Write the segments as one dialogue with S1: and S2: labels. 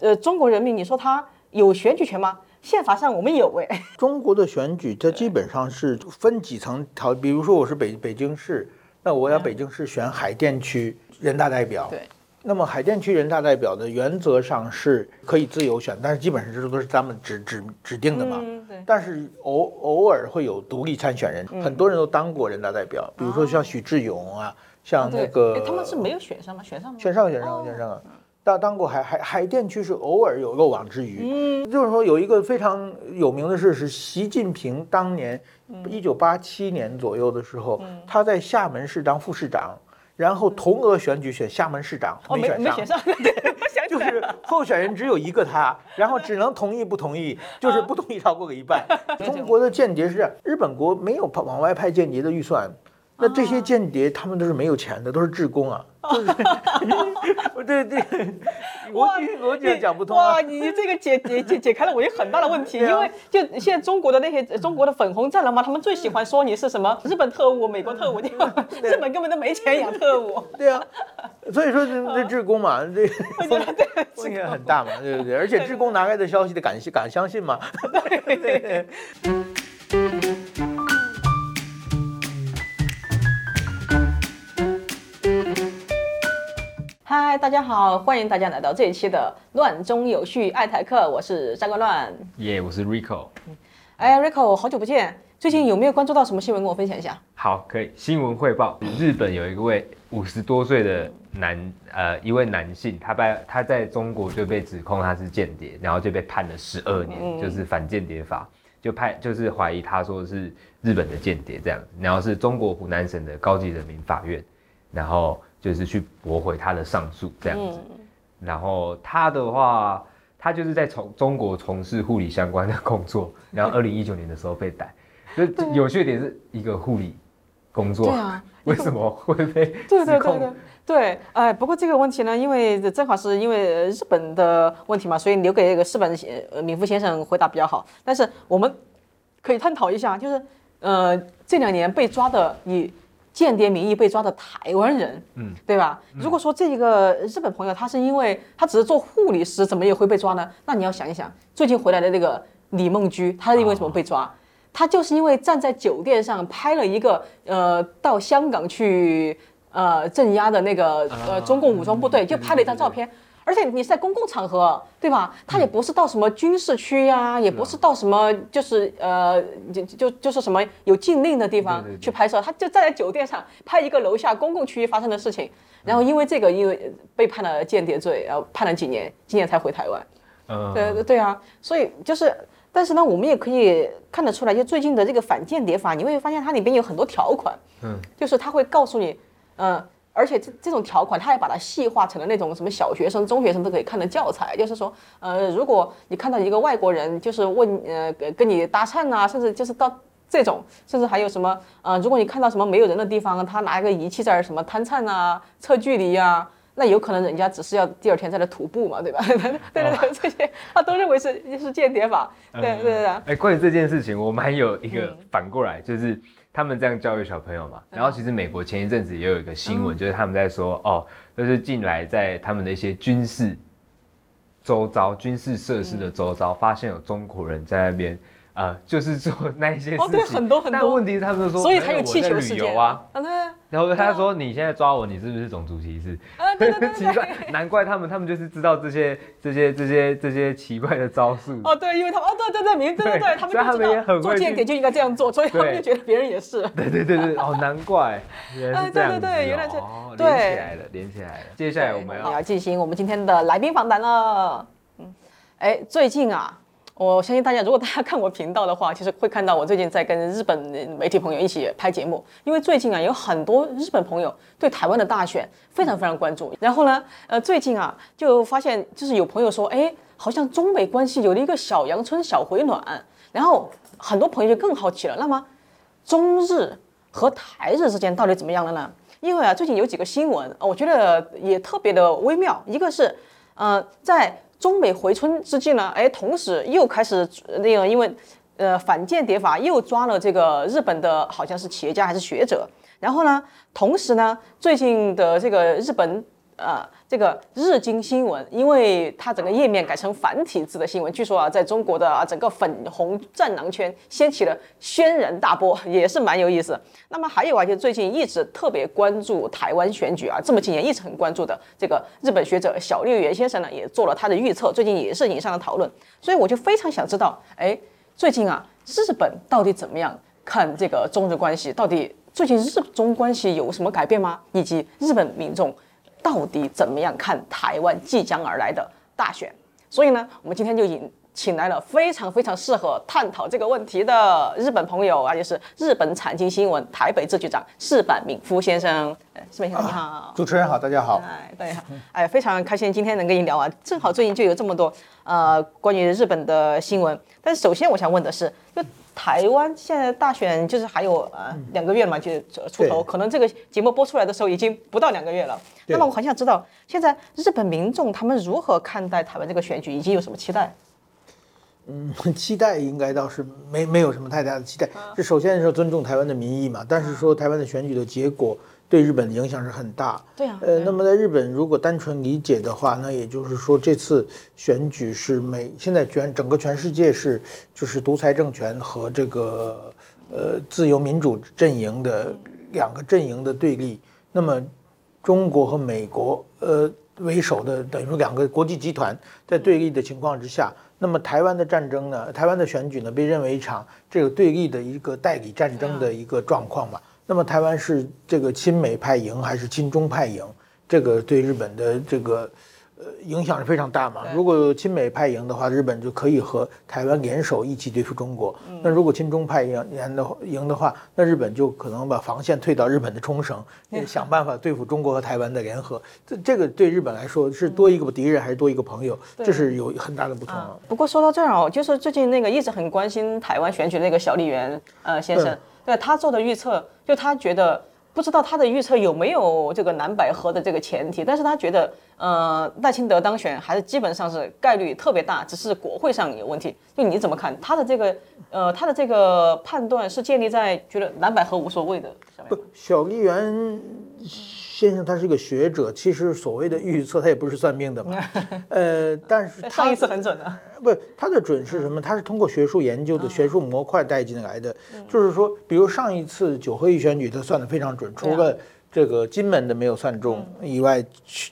S1: 呃，中國人民，你說他有選舉權嗎？憲法上我們有哎、欸。
S2: 中國的選舉，它基本上是分幾層條，比如說我是北北京市，那我要北京市選海澱區人大代表。嗯、對。那麼海澱區人大代表的原則上是可以自由選，但是基本上這都是咱們指指指定的嘛。嗯，對。但是偶偶爾會有獨立參選人，嗯、很多人都當過人大代表，比如說像許志永啊，哦、像那個、啊。他們
S1: 是沒有選上嗎？選
S2: 上嗎？選上，選上，選上、哦。當過海海海澱區是偶爾有漏網之魚，就是說有一個非常有名的事是習近平當年一九八七年左右的時候，他在廈門市當副市長，然後等額選舉，選廈門市長沒選上，沒選上，對，就是候選人只有一個他，然後只能同意不同意，就是不同意超過個一半。中國的間諜是這樣，日本國沒有派往外派間諜的預算。那這些間諜他們都是沒有錢的，都是志工啊。
S1: 對對對，我也講不通。哇，你這個解解解解開了我一個很大的問題，因為就現在中國的那些中國的粉紅戰狼嘛，他們最喜歡說你是什麼日本特務、美國特務，日本根本都沒錢養
S2: 特務。對啊，所以說這這志工嘛，這這個很大嘛，對不對？而且志工拿來的消息得敢敢相信嘛。對對對。
S1: 嗨，Hi, 大家好，歡迎大家來到這一期的《亂中有序愛台客》，我是上官亂，耶
S3: ，yeah, 我是 Rico。
S1: 哎，Rico，好久不見，最近有沒有關注到什麼新聞？跟我分享一下。
S3: 好，可以。新聞汇報：日本有一位五十多歲的男，呃，一位男性，他被他在中國就被指控他是間諜，然後就被判了十二年，嗯、就是反間諜法，就判就是懷疑他說是日本的間諜這樣，然後是中國湖南省的高級人民法院，然後。就是去駁回他的上訴這樣子，嗯、然後他的話，他就是在從中國從事護理相關的工作，對然後二零一九年的時候被逮。這對有趣點是一個護理工作，對啊，為什麼會被
S1: 指控對對對對對對？對，哎、呃，不過這個問題呢，因為正好是因為日本的問題嘛，所以留給那個矢板、呃、明夫先生回答比較好。但是我們可以探討一下，就是呃，這兩年被抓的你。間諜名義被抓的台灣人，嗯，對吧？Mm hmm. 如果說這個日本朋友他是因為他只是做護理師，怎麼也會被抓呢？那你要想一想，最近回來的那個李孟居，他是因為什麼被抓？Uh uh. 他就是因為站在酒店上拍了一個呃到香港去呃鎮壓的那個呃中共武裝部隊，uh uh. 就拍了一張照片。Mm hmm. 而且你在公共場合，對吧？他也不是到什麼軍事區呀、啊，嗯、也不是到什麼，就是呃，就就就是什麼有禁令的地方去拍攝，對對對，他就站在酒店上拍一個樓下公共區域發生的事情，嗯、然後因為這個，因為被判了間諜罪，然、呃、後判了幾年，今年才回台灣。嗯、對對對啊，所以就是，但是呢，我們也可以看得出來，就最近的這個反間諜法，你會發現它裡邊有很多條款，嗯、就是他會告訴你，嗯、呃。而且這這種條款，它也把它細化成了那種什麼小學生、中學生都可以看的教材，就是說，呃，如果你看到一個外國人，就是問，呃，跟你搭訕吶、啊，甚至就是到這種，甚至還有什麼，呃，如果你看到什麼沒有人的地方，他拿一個儀器在那什麼攤探吶、啊，測距離呀、啊，那有可能人家只是要第二天在那徒步嘛，對吧？ 對，對對對，哦、這些他都認為是就是間諜法，嗯、對，對對
S3: 對。哎，關於這件事情，我們還有一個反過來，嗯、就是。他們這樣教育小朋友嘛，然後其實美國前一陣子也有一個新聞，嗯、就是他們在說，哦，就是近來在他們的一些軍事周遭、軍事設施的周遭，嗯、發現有中國人在那邊。呃，就是做那些事情，對很多很多。但問題是，他們說，所以才有氣球事件啊，然後他說你現在抓我，你是不是種族歧視？啊，對對對，難怪，難怪他們，他們就是知道這些這些這些這些奇怪的招數。
S1: 哦，對，因為他們，哦對對對，名字對，他們就知道。做間諜就應
S3: 該這樣做，所以他們就覺
S1: 得別人也是。對對對對，哦，難
S3: 怪原來是這樣子。對對對，原
S1: 來是哦，連起來了，連
S3: 起來了。接下來我們
S1: 要進行我們今天的來賓訪談了。嗯，哎，最近啊。我相信大家，如果大家看我頻道的話，其實會看到我最近在跟日本媒體朋友一起拍節目。因為最近啊，有很多日本朋友對台灣的大選非常非常關注。然後呢，呃，最近啊，就發現就是有朋友說，哎，好像中美關係有了一個小陽春、小回暖。然後很多朋友就更好奇了，那麼中日和台日之間到底怎麼樣了呢？因為啊，最近有幾個新聞，我覺得也特別的微妙。一個是，呃，在。中美回春之際呢，哎，同時又開始那個，呃，因為，呃，反間諜法又抓了這個日本的好像是企業家還是學者，然後呢，同時呢，最近的這個日本，呃。這個日經新聞，因為它整個頁面改成繁體字的新聞，據說啊，在中國的啊整個粉紅戰狼圈掀起了軒然大波，也是蠻有意思。那麼還有啊，就最近一直特別關注台灣選舉啊，這麼幾年一直很關注的這個日本學者小笠原先生呢，也做了他的預測，最近也是引上了討論。所以我就非常想知道，哎，最近啊，日本到底怎麼樣看這個中日關係？到底最近日中關係有什麼改變嗎？以及日本民眾？到底怎麼樣看台灣即將而來的大選？所以呢，我們今天就引請來了非常非常適合探討這個問題的日本朋友啊，就是日本產經新聞台北支局長矢板明夫先生。矢、哎、板先生，你好
S2: 啊！主持人好，大家好。哎，
S1: 大家好。嗯、哎，非常開心今天能跟你聊啊，正好最近就有這麼多呃關於日本的新聞。但是首先我想問的是，就。台灣現在大選就是還有啊兩個月嘛，就出頭，可能這個節目播出來的時候已經不到兩個月了。那麼我很想知道，現在日本民眾他們如何看待台灣這個選舉，以及有什麼期待？
S2: 嗯，期待應該倒是沒沒有什麼太大的期待。這首先是尊重台灣的民意嘛，但是說台灣的選舉的結果。對日本的影響是很大。對啊。對啊。呃，那麼在日本，如果單純理解的話呢，那也就是說，這次選舉是美現在全整個全世界是就是獨裁政權和這個呃自由民主陣營的兩個陣營的對立。那麼中國和美國呃為首的等於說兩個國際集團在對立的情況之下，那麼台灣的戰爭呢，台灣的選舉呢，被認為一場這個對立的一個代理戰爭的一個狀況吧。那麼台灣是這個親美派贏還是親中派贏？這個對日本的這個，呃，影響是非常大嘛。如果親美派贏的話，日本就可以和台灣聯手一起對付中國；那如果親中派贏贏的話，那日本就可能把防線退到日本的沖繩，想辦法對付中國和台灣的聯合。這、嗯、這個對日本來說是多一個敵人還是多一個朋友？嗯、這是有很大的不同、啊啊。
S1: 不過說到這兒啊、哦、就是最近那個一直很關心台灣選舉的那個小李元呃先生。嗯他做的預測，就他覺得，不知道他的預測有沒有這個藍白合的這個前提，但是他覺得，呃，賴清德當選還是基本上是概率特別大，只是國會上有問題。就你怎麼看他的這個，呃，他的這個判斷是建立在覺得藍白合無所謂的上
S2: 面？不，小議員。先生，他是一個學者，其實所謂的預測，他也不是算命的嘛。 呃，但是他上一次很準的、啊，不，他的準是什麼？他是通過學術研究的、嗯、學術模塊帶進來的。嗯、就是說，比如上一次九合一選舉，他算得非常準，除了這個金門的沒有算中以外，嗯、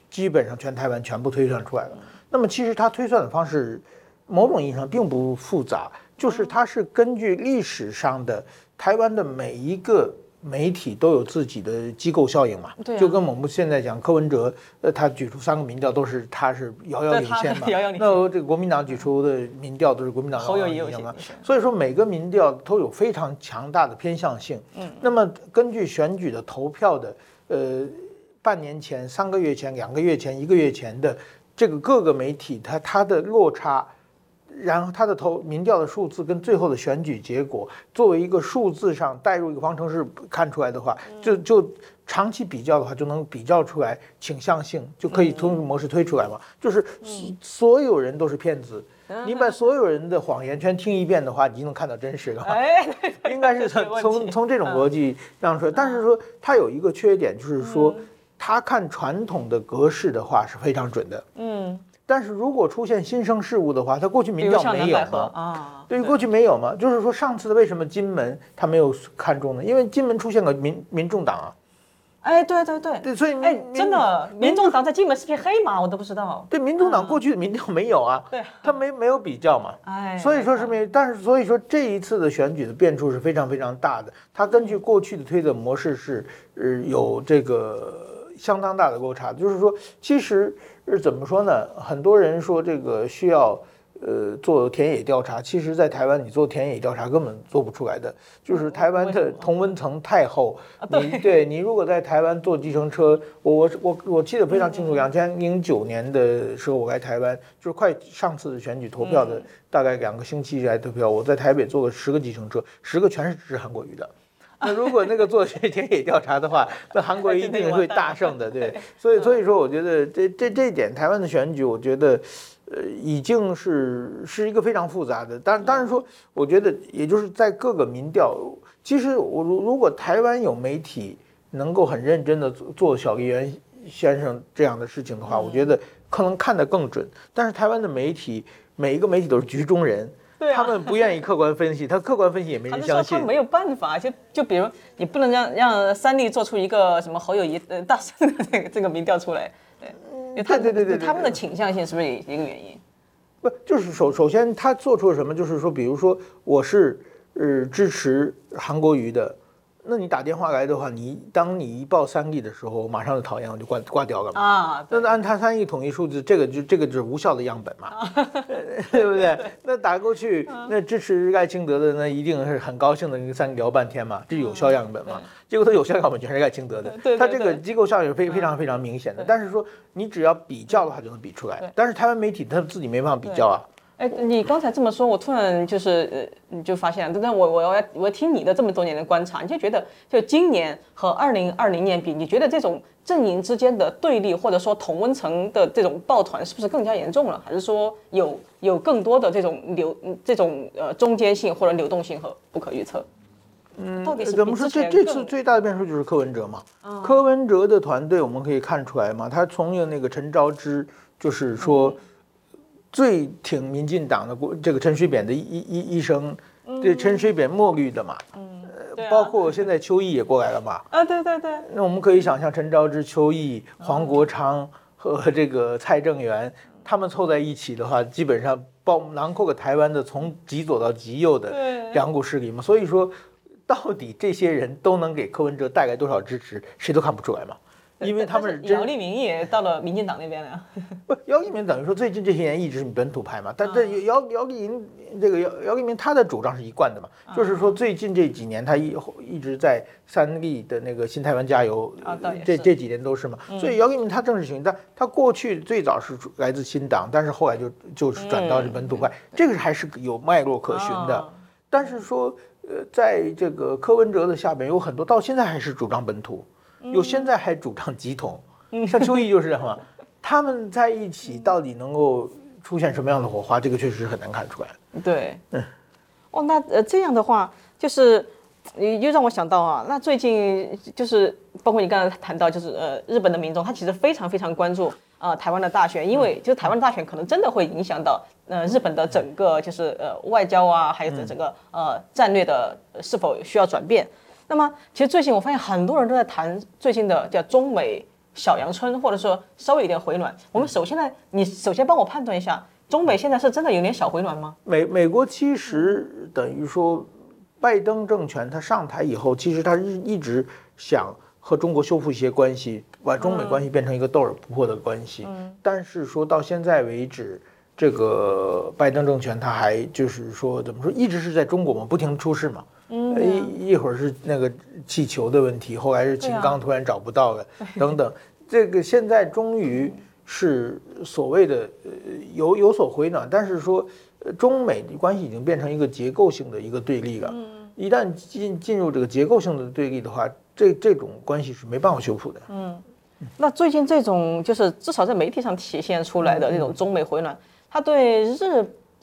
S2: 基本上全台灣全部推算出來了。嗯、那麼其實他推算的方式，某種意義上並不複雜，就是他是根據歷史上的台灣的每一個。媒體都有自己的機構效應嘛，就跟我們現在講柯文哲，呃，他舉出三個民調都是他是遙遙領先嘛，那這個國民黨舉出的民調都是國民黨遙遙領先嘛，所以說每個民調都有非常強大的偏向性。那麼根據選舉的投票的，呃，半年前、三個月前、兩個月前、一個月前的這個各個媒體，它它的落差。然後他的投民調的數字跟最後的選舉結果作為一個數字上代入一個方程式看出來的話，就就長期比較的話就能比較出來傾向性，就可以從模式推出來嘛。就是所有人都是騙子，你把所有人的謊言全聽一遍的話，你就能看到真實的話。應該是從從這種邏輯讓出來。但是說他有一個缺點，就是說他看傳統的格式的話是非常準的，嗯。嗯。嗯。但是如果出現新生事物的話，它過去民調沒有嗎？啊，對於過去沒有嗎？就是說上次的為什麼金門他沒有看中呢？因為金門出現個民民眾黨啊。哎，
S1: 對對對。對，所以哎，真的，民眾黨在金門是匹黑馬，我都不知道。
S2: 對，民眾黨過去的民調沒有啊。啊對。他沒沒有比較嘛？哎，所以說是沒有，哎、但是所以說這一次的選舉的變數是非常非常大的。他根據過去的推的模式是，呃，有這個。相當大的落差，就是說，其實是怎麼說呢？很多人說這個需要，呃，做田野調查。其實，在台灣你做田野調查根本做不出來的，就是台灣的同溫層太厚。哦你啊、對，對，你如果在台灣坐計程車，我我我我記得非常清楚，兩千零九年的時候我來台灣，就是快上次的選舉投票的，大概兩個星期以來投票。嗯、我在台北坐了十個計程車，十個全是支持韓國瑜的。啊、嘿嘿，那如果那個做田野調查的話，那韓國瑜一定會大勝的，對。所以，所以說，我覺得這這這一點，台灣的選舉，我覺得，呃，已經是是一個非常複雜的。當然，當然說，我覺得也就是在各個民調，其實我如果如果台灣有媒體能夠很認真的做做小笠原先生這樣的事情的話，嗯、我覺得可能看得更準。但是台灣的媒體，每一個媒體都是局中人。他們不願意客觀分析，啊、他客觀分析也沒人相信。他們
S1: 說他沒有辦法，就就比如你不能讓讓三立做出一個什麼侯友宜呃大勝這個這個民調出來，對，因為對，對對對對，他們的傾向性是不是有一個原因？
S2: 不，就是首首先他做出了什麼，就是說，比如說我是呃支持韓國瑜的。那你打電話來的話，你當你一報三立的時候，馬上就討厭，我就掛掛掉了嘛。啊、那按他三立統計數字，這個就這個就是無效的樣本嘛，啊、 對不對？對，那打過去，那支持賴清德的，那一定是很高興的，你跟三立聊半天嘛，這是有效樣本嘛。嗯、結果他有效樣本全是賴清德的，他這個機構效應非非常非常明顯的。嗯、但是說你只要比較的話，就能比出來。對但是台灣媒體他自己沒辦法比較啊。
S1: 哎，你剛才這麼說，我突然就是呃，你就發現了。那我我我我聽你的這麼多年的觀察，你就覺得，就今年和二零二零年比，你覺得這種陣營之間的對立，或者說同溫層的這種抱團，是不是更加嚴重了？還是說有有更多的這種流，這種呃中間性或者流動性和不可預測？嗯，
S2: 到底是、嗯、怎麼說？這這次最大的變數就是柯文哲嘛。嗯、哦，柯文哲的團隊，我們可以看出來嘛。他從有那個陳昭之，就是說、嗯。最挺民進黨的國，這個陳水扁的醫醫醫生，對陳水扁墨綠的嘛，呃、嗯，包括現在邱毅也過來了嘛，嗯、
S1: 對啊對
S2: 對對，那我們可以想象陳昭姿、邱毅、黃國昌和這個蔡正元，嗯、他們湊在一起的話，基本上包括囊括個台灣的從極左到極右的兩股勢力嘛，所以說到底這些人都能給柯文哲帶來多少支持，誰都看不出來嘛。因為他們是姚
S1: 立明也到了民進黨那邊了，
S2: 不，姚立明等於說最近這些年一直是本土派嘛，但這姚，啊、姚立明，這個姚姚立明他的主張是一貫的嘛，啊、就是說最近這幾年他一一直在三立的那個新台灣加油、啊、這這幾年都是嘛，嗯、所以姚立明他正式行，但他過去最早是來自新黨，但是後來就就是轉到這本土派，嗯、這個還是有脈絡可循的，啊、但是說呃，在這個柯文哲的下邊有很多到現在還是主張本土。有，現在還主張急統，像邱毅就是這樣嘛？ 他們在一起到底能夠出現什麼樣的火花？這個確實是很難看出來的。
S1: 對，嗯、哦，那呃這樣的話，就是你又讓我想到啊，那最近就是包括你剛才談到，就是呃日本的民眾他其實非常非常關注呃，台灣的大選，因為就台灣的大選可能真的會影響到呃日本的整個就是呃外交啊，還有整個、嗯、呃戰略的是否需要轉變。那麼，其實最近我發現很多人都在談最近的叫中美小陽春，或者說稍微有點回暖。我們首先呢，你首先幫我判斷一下，中美現在是真的有點小回暖嗎、嗯？
S2: 美美國其實等於說，拜登政權他上台以後，其實他是一直想和中國修復一些關係，把中美關係變成一個鬥而不破的關係。嗯、但是說到現在為止，這個拜登政權他還就是說怎麼說，一直是在中國嘛，不停出事嘛。一、嗯、一會兒是那個氣球的問題，後來是秦剛突然找不到了，啊啊、等等，這個現在終於是所謂的、嗯、有有所回暖，但是說，中美的關係已經變成一個結構性的一個對立了。嗯、一旦進進入這個結構性的對立的話，這這種關係是沒辦法修復的。嗯，
S1: 嗯那最近這種就是至少在媒體上體現出來的這種中美回暖，嗯嗯、它對日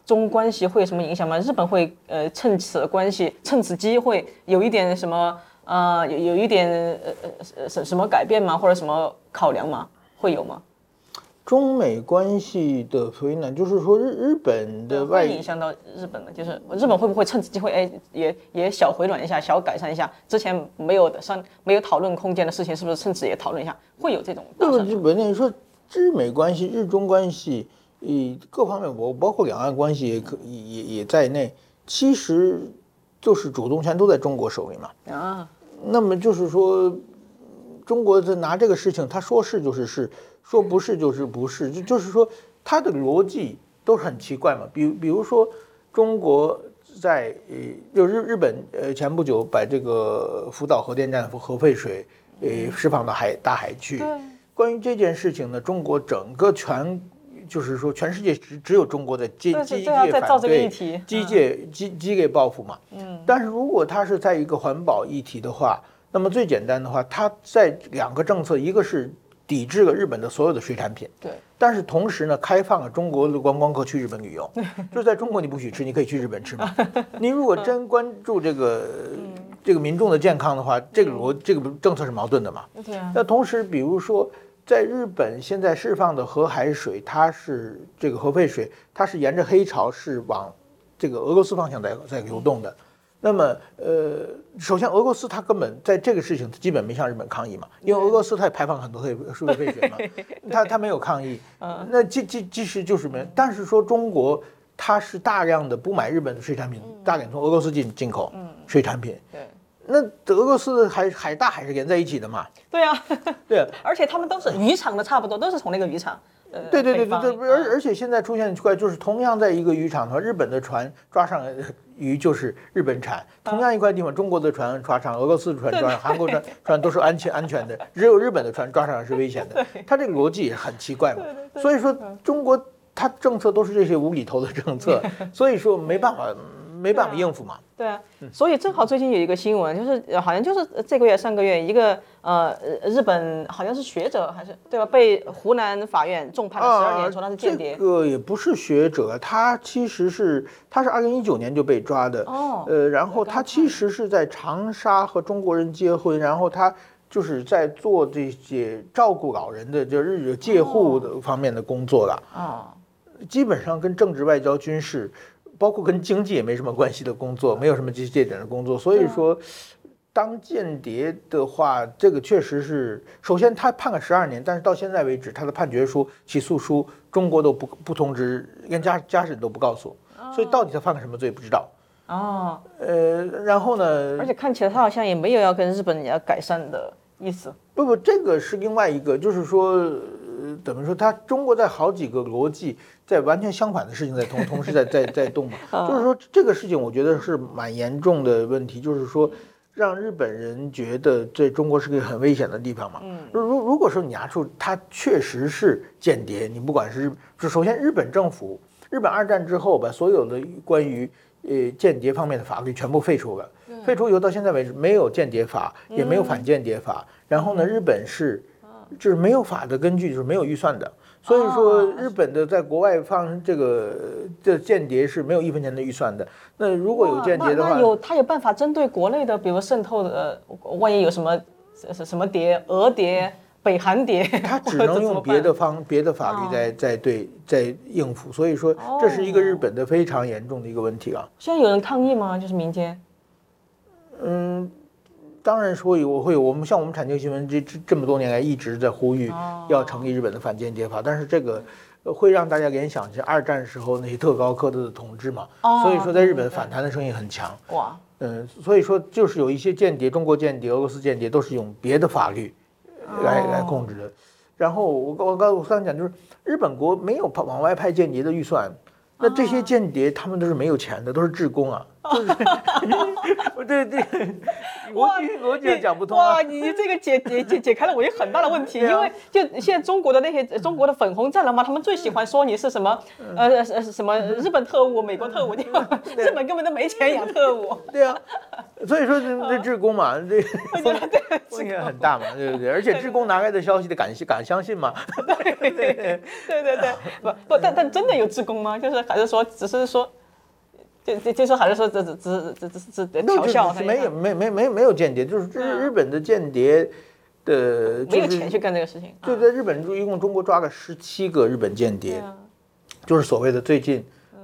S1: 中關係會有什麼影響嗎？日本會呃趁此關係趁此機會有一點什麼呃，有有一點呃呃什什麼改變嗎？或者什麼考量嗎？會有嗎？
S2: 中美關係的回暖，就是說日日本的外影響
S1: 到日本了，就是日本會不會趁此機會哎也也小回暖一下，小改善一下之前沒有的上沒有討論空間的事情，是不是趁此也討論一下？會有這
S2: 種？對日本來說，日美關係、日中關係。以各方面，我包括兩岸關係也，也可也也在內。其實，就是主動權都在中國手裡嘛。啊，那麼就是說，中國在拿這個事情，他說是就是是，說不是就是不是，嗯、就就是說，他的邏輯都是很奇怪嘛。比如比如說，中國在呃，就日日本呃，前不久把這個福島核電站和核廢水呃釋放到海大海去。嗯、關於這件事情呢，中國整個全。就是說，全世界只只有中國在積極反對積極、嗯、機機，機給報復嘛。嗯，但是如果它是在一個環保議題的話，嗯、那麼最簡單的話，它在兩個政策，一個是抵制了日本的所有的水產品，對，但是同時呢，開放了中國的觀光客去日本旅遊，就是在中國你不許吃， 你可以去日本吃嘛。您 如果真關注這個、 嗯、這個民眾的健康的話，這個邏這個政策是矛盾的嘛？嗯、那同時，比如說。在日本現在釋放的核海水，它是這個核廢水，它是沿着黑潮是往這個俄羅斯方向在在流動的。那麼，呃，首先俄羅斯它根本在這個事情它基本沒向日本抗議嘛，因為俄羅斯它也排放很多核核廢水廢水嘛，它它沒有抗議。那其其其實就是沒，但是說中國它是大量的不買日本的水產品，大量從俄羅斯進進口水產品。對。那俄羅斯的海海大還是連在一起的嘛？對呀，對，而
S1: 且他們都是漁場的，差不多都是從那個漁場。對對對對對，
S2: 而而且現在出現的奇怪，就是同樣在一個漁場的話，日本的船抓上魚就是日本產，同樣一塊地方，中國的船抓上，俄羅斯的船抓上，韓國船船都是安全安全的，只有日本的船抓上是危險的。他這個邏輯也很奇怪嘛，所以說中國他政策都是這些無厘頭的政策，所以說沒辦法沒辦法應付嘛。對
S1: 啊，所以正好最近有一個新聞，就是好像就是這個月、上個月，一個呃日本好像是學者還是對吧？被湖南法院重判了十二年，說他是間諜、啊。這個
S2: 也不是學者，他其實是他是二零一九年就被抓的。哦，呃，然後他其實是在長沙和中國人結婚，然後他就是在做這些照顧老人的就日介護的方面的工作的、哦。哦，基本上跟政治、外交、軍事。包括跟經濟也沒什麼關係的工作，沒有什麼直接點的工作。所以說，當間諜的話，啊、這個確實是。首先，他判了十二年，但是到現在為止，他的判決書、起訴書，中國都不不通知，連家家屬都不告訴。所以，到底他犯了什麼罪，不知道。哦。呃，然後呢，而且
S1: 看起來他好像也沒有要跟日本人要改善的意思。
S2: 不不，這個是另外一個，就是說，怎、呃、麼說他，他中國在好幾個邏輯。在完全相反的事情在同同時在在在動嘛，就是說這個事情我覺得是蠻嚴重的問題，就是說讓日本人覺得在中國是個很危險的地方嘛。如如如果說你拿出它確實是間諜，你不管是日，就首先日本政府，日本二戰之後把所有的關於呃間諜方面的法律全部廢除了，廢除以後到現在為止沒有間諜法，也沒有反間諜法。然後呢，日本是，就是沒有法的根據，就是沒有預算的。所以說，日本的在國外放這個這間諜是沒有一分錢的預算的。那如果有間諜的話，哦、有
S1: 他有辦法針對國內的，比如滲透的，萬一有什麼什什麼諜、俄諜、北韓諜，他只能用別
S2: 的方別的法律在在對在應付。所以說，這是一個日本的非常嚴重的一個問題啊。
S1: 哦、現在有人抗議嗎？就是民間？嗯。
S2: 當然，說有我會有，我們像我們產經新聞這這這麼多年來一直在呼籲要成立日本的反間諜法，oh. 但是這個，會讓大家聯想起二戰時候那些特高課的，的統治嘛，oh. 所以說在日本反彈的聲音很強。哇，oh. 嗯，所以說就是有一些間諜，中國間諜、俄羅斯間諜都是用別的法律來、oh. 來，來控制的。然後我我告訴我剛才講就是日本國沒有派往外派間諜的預算，那這些間諜他們都是沒有錢的，oh. 都是志工啊。哈對對，
S1: 我我講講不通哇，你這個解解解解開了我有很大的問題，因為就現在中國的那些中國的粉紅戰狼嘛，他們最喜歡說你是什麼呃呃什麼日本特務、美國特務，對吧，日本根本都沒錢養特務。
S2: 對啊，所以說這這志工嘛，這風險很大嘛，對不對？而且志工拿來的消息的敢敢相信嗎？
S1: 對對對對對對，不不，但但真的有志工嗎？就是還是說只是說？就就就說還是說這這這這這這嘲笑，就是、沒有
S2: 沒有沒有沒有沒有間諜，就是日日本的間諜的，嗯就是、沒有錢去幹這個事情。啊、就在日本，就一共中國抓了十七個日本間諜，嗯、就是所謂的最近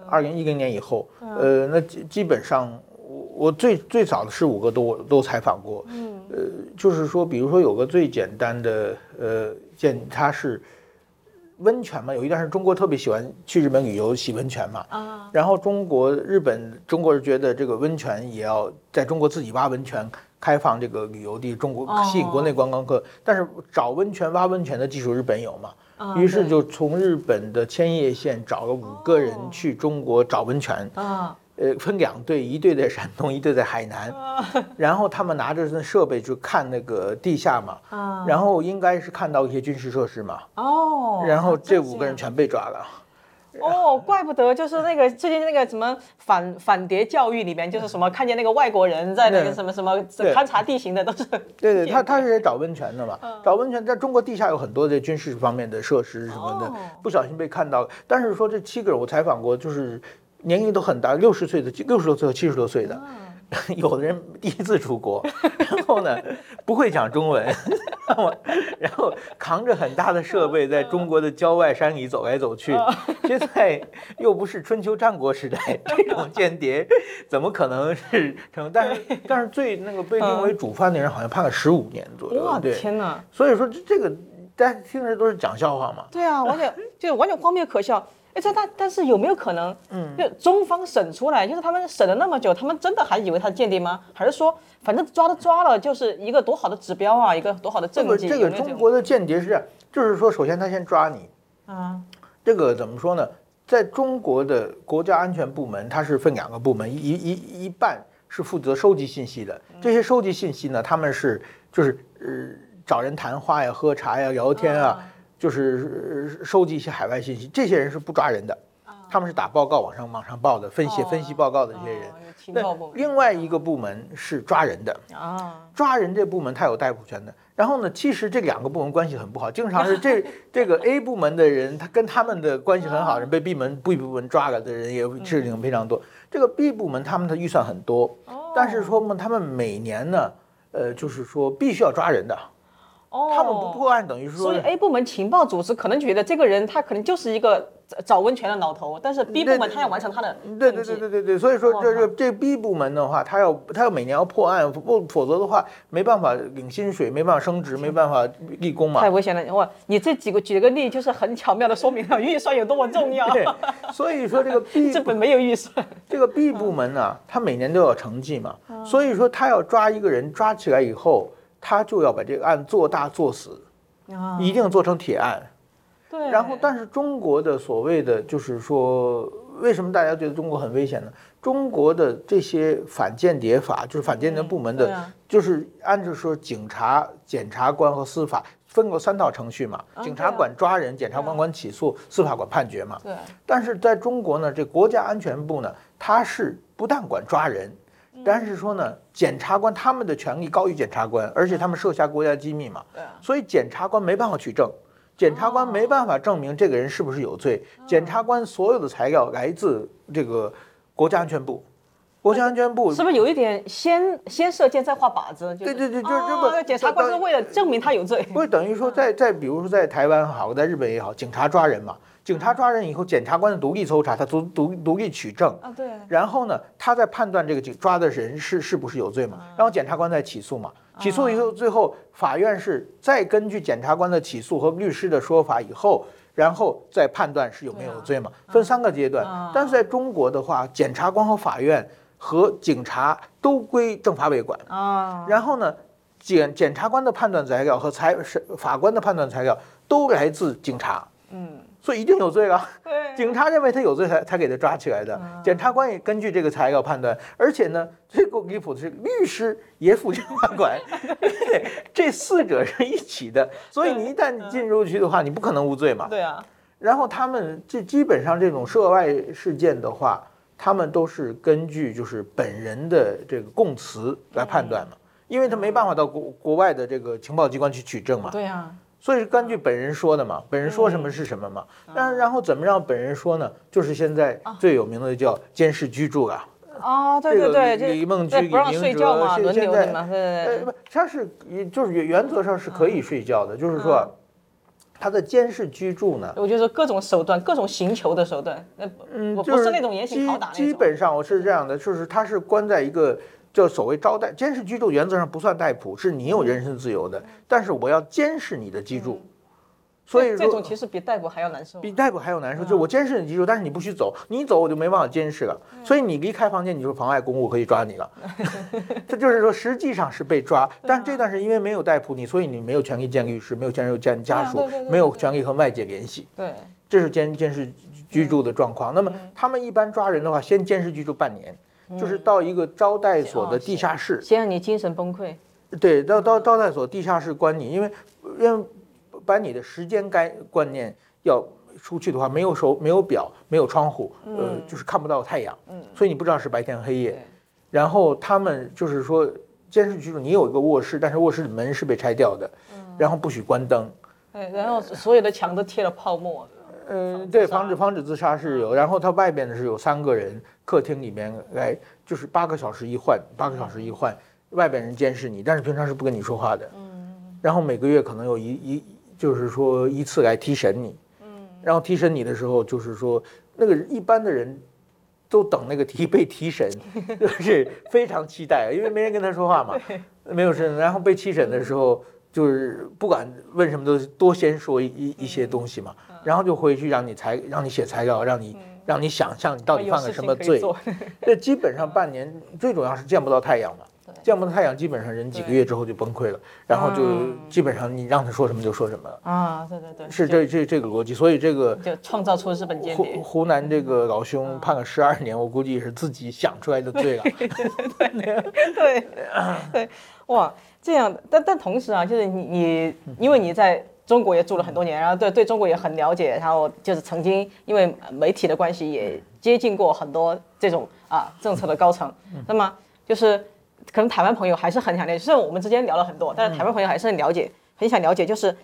S2: 二零一零年以後，嗯、呃，那基基本上我我最最早的十五個都都採訪過，嗯、呃，就是說比如說有個最簡單的呃間他是。溫泉嘛，有一段是中國特別喜歡去日本旅遊洗溫泉嘛。Uh, 然後中國日本中國人覺得這個溫泉也要在中國自己挖溫泉，開放這個旅遊地，中國吸引國內觀光客。Uh, 但是找溫泉挖溫泉的技術日本有嘛？於是就從日本的千葉縣找了五個人去中國找溫泉。Uh, 呃，分兩隊，一隊在山東，一隊在海南，uh, 然後他們拿着那設備去看那個地下嘛，uh, 然後應該是看到一些軍事設施嘛，哦，uh, 然後這五個人全被抓了，
S1: 哦。後哦，怪不得就是那個、嗯、最近那個什麼反反諜教育裡面就是什麼看見那個外國人在那個什麼、嗯、什麼勘察地形的都是，對，
S2: 對，對，他他是來找溫泉的嘛，uh, 找溫泉，在中國地下有很多的軍事方面的設施什麼的，uh, 不小心被看到，但是說這七個人我採訪過就是。年齡都很大，六十歲的、六十多歲和七十多歲的，Wow. 有的人第一次出國，然後呢不會講中文， 然後扛着很大的設備，在中國的郊外山裡走來走去，oh, uh. 現在又不是春秋戰國時代，這種間諜、 啊、怎麼可能是成？但是 對但是最那個被定為主犯的人好像判了十五年左右、這個，oh, 對，天吶哪，所以說這個，大家聽着都是講笑話嘛。
S1: 對啊，我完全就是完全荒謬可笑。 誒，這但但是有沒有可能，嗯，就中方審出來，就是、嗯、他們審了那麼久，他們真的還以為他是間諜嗎？還是說，反正抓都抓了，就是一個多好的指標啊，一個多好的證據、這個。這個中
S2: 國的間諜是，這樣，嗯、就是說，首先他先抓你，啊、嗯，這個怎麼說呢？在中國的國家安全部門，它是分兩個部門，一一一半是負責收集信息的，這些收集信息呢，他們是就是呃找人談話呀、喝茶呀、聊天啊。嗯嗯就是收集一些海外信息，這些人是不抓人的。啊、他們是打報告往上往上報的，分析、哦、分析報告的這些人。哦哦、情報部那另外一個部門是抓人的，啊、抓人這部門他有逮捕權的。然後呢，其實這兩個部門關係很不好，經常是這，啊、這個 A 部門的人，啊、他跟他們的關係很好，是、啊、被 B 門 B 部門抓了的人也事情非常多。嗯、這個 B 部門他們的預算很多，哦、但是說嘛，他們每年呢，呃，就是說必須要抓人的。Oh, 他們不破案，等於是說，所以 A 部
S1: 門情報組織可能覺得這個人他可能就是一個找溫泉的老頭，但是 B 部門他要完成他的。對對對對對對，所以說這哇這
S2: 個、這個、B 部門的話，他要他要每年要破案，否否則的話沒辦法領薪水，沒辦法升職，其沒辦法立功嘛。太危險了！哇你這幾個舉
S1: 個例，就是很巧妙的說明了 預算
S2: 有多麼重要。對，所以說這個 B 部 日本沒有預算，這個 B 部門呢、啊，他、嗯、每年都有成績嘛，嗯、所以說他要抓一個人抓起來以後。他就要把這個案做大做死，一定做成鐵案。Uh, 對。然後，但是中國的所謂的就是說，為什麼大家覺得中國很危險呢？中國的這些反間諜法，就是反間諜部門的，嗯啊、就是按照說，警察、檢察官和司法分過三套程序嘛。Okay. 警察管抓人，檢察官管起訴，對司法管判決嘛。對但是在中國呢，這國家安全部呢，他是不但管抓人。但是說呢，檢察官他們的權力高於檢察官，而且他們設下國家機密嘛，啊、所以檢察官沒辦法取證，檢察官沒辦法證明這個人是不是有罪。哦、檢察官所有的材料來自這個國家安全部，國家安全部是
S1: 不是有一點先先射箭再畫靶子？就是、對，對對對，就是、這個哦、檢察官是為了證明他有罪。
S2: 嗯、不等於說在在，比如說在台灣也好，在日本也好，警察抓人嘛。警察抓人以後，檢察官的獨立搜查，他獨獨獨立取證啊，對。然後呢，他在判斷這個抓的人是是不是有罪嘛？然後檢察官在起訴嘛？起訴以後，最後法院是再根據檢察官的起訴和律師的說法以後，然後再判斷是有沒有罪嘛？啊，分三個階段。但是在中國的話，檢察官和法院和警察都歸政法委管啊。然後呢，檢檢察官的判斷材料和裁法官的判斷材料都來自警察。嗯。所以一定有罪啊，對警察認為他有罪才才給他抓起來的，嗯啊、檢察官也根據這個材料判斷，而且呢，最離譜的是律師也負起把關，這四者是一起的，對所以你一旦進入去的話，對你不可能無罪嘛。對啊。然後他們這基本上這種涉外事件的話，他們都是根據就是本人的這個供詞來判斷嘛，對啊、因為他沒辦法到國國外的這個情報機關去取證嘛。對啊。所以是根據本人說的嘛，嗯、本人說什麼是什麼嘛。但是然後怎麼讓本人說呢？就是現在最有名的叫監視居住啊。啊，啊，
S1: 對對對，這個李孟居不讓睡覺嘛，輪流在對對對、哎、
S2: 他是，就是原原則上是可以睡覺的，嗯、就是說、嗯、他在監視居住呢。
S1: 我覺得說各種手段，各種刑求的手段。那嗯，我、就是、不是那種嚴刑拷
S2: 打。基本上我是這樣的，就是他是關在一個。就所謂招待監視居住，原則上不算逮捕，是你有人身自由的，但是我要監視你的居住。所以說這種
S1: 其實比逮捕還要難受，比
S2: 逮捕還要難受。就是我監視你的居住，但是你不許走，你走我就沒辦法監視了。所以你離開房間，你就妨礙公務，可以抓你了。這就是說，實際上是被抓，但這段是因為沒有逮捕你，所以你沒有權利見律師，沒有權利見家屬，沒有權利和外界聯繫。
S1: 對，
S2: 這是監監視居住的狀況。那麼他們一般抓人的話，先監視居住半年。就是到一個招待所的地下室，先讓你精神崩潰。對，到到招待所地下室關你，因為因為把你的時間概觀念要出去的話，沒有手，沒有表，沒有窗戶，呃，就是看不到太陽，嗯，所以你不知道是白天黑夜。嗯嗯、然後他們就是說，監視居住，你有一個臥室，但是臥室的門是被拆掉的，嗯，然後不許關燈，哎，
S1: 然後所有的牆都貼了泡沫。
S2: 嗯，對，防止防止自殺是有，然後他外邊的是有三個人，客廳裡面來就是八個小時一換，八個小時一換，外邊人監視你，但是平常是不跟你說話的。嗯，然後每個月可能有一一就是說一次來提審你。嗯，然後提審你的時候，就是說那個一般的人都等那個提被提審，就是非常期待，因為沒人跟他說話嘛，沒有事。然後被提審的時候，就是不管問什麼都多先說一一些東西嘛。然後就回去讓你材，讓你寫材料，讓你讓你想象你到底犯了什麼罪。這基本上半年，最主要是見不到太陽嘛。見不到太陽，基本上人幾個月之後就崩潰了。然後就基本上你讓他說什麼就說什麼啊，對對對，是這這這個邏輯。所以這個就
S1: 創造出日本間諜。
S2: 湖南這個老兄判了十二年，我估計是自己想出來的罪了。
S1: 對對對，對對，對哇，這樣，但但同時啊，就是你你因為你在，中國也住了很多年，然後對對中國也很了解，然後就是曾經因為媒體的關係也接近過很多這種啊政策的高層。那麼、嗯、就是可能台灣朋友還是很想念，雖然我們之間聊了很多，但是台灣朋友還是很了解，很想了解，就是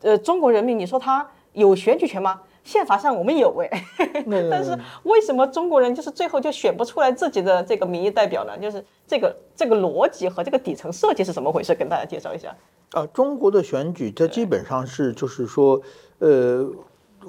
S1: 呃中國人民，你說他有選舉權嗎？憲法上我們有哎、欸，但是為什麼中國人就是最後就選不出來自己的這個民意代表呢？就是這個這個邏輯和這個底層設計是怎麼回事？跟大家介紹一下。
S2: 啊，中國的選舉它基本上是就是說，對呃，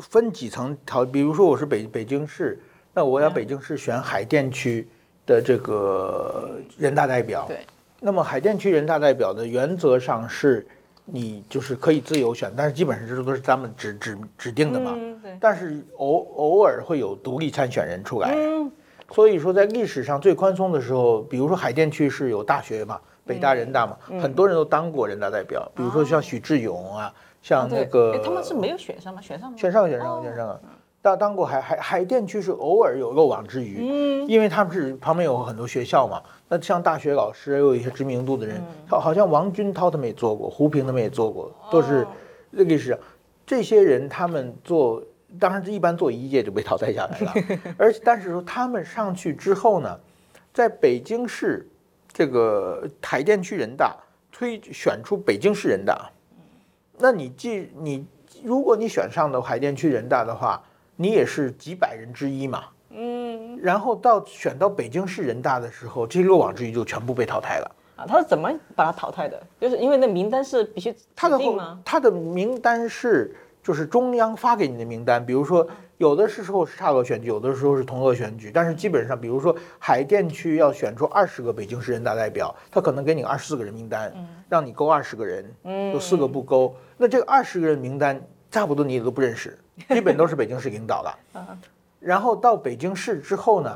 S2: 分幾層條，比如說我是北北京市，那我要北京市選海澱區的這個人大代表。對。那麼海澱區人大代表的原則上是。你就是可以自由選，但是基本上這都是咱們指指指定的嘛。嗯、但是偶偶爾會有獨立參選人出來，嗯、所以說在歷史上最寬鬆的時候，比如說海澱區是有大學嘛，北大、人大嘛，嗯、很多人都當過人大代表。嗯、比如說像許志永啊，啊像那個他們
S1: 是沒有選上嗎？選
S2: 上，選上，選上、哦，選上。當當過海海海澱區是偶爾有漏網之魚，嗯、因為他們是旁邊有很多學校嘛。那像大學老師也有一些知名度的人，好，好像王軍濤他們也做過，胡平他們也做過，都是那歷史上這些人他們做，當然一般做一屆就被淘汰下來了。 而但是說他們上去之後呢，在北京市這個海澱區人大推選出北京市人大，那你既你如果你選上的海澱區人大的話，你也是幾百人之一嘛。然後到選到北京市人大的時候，這些漏網之魚就全部被淘汰了啊！他是怎麼把他淘汰的？就是因為那名單是必須指定嗎？他的後，他的名單是就是中央發給你的名單，比如說有的時候是差額選舉，有的時候是同額選舉，但是基本上，比如說海澱區要選出二十個北京市人大代表，他可能給你二十四個人名單，讓你勾二十個人，有四個不勾，嗯、那這個二十個人名單差不多你也都不認識，基本都是北京市領導的。 啊然後到北京市之後呢，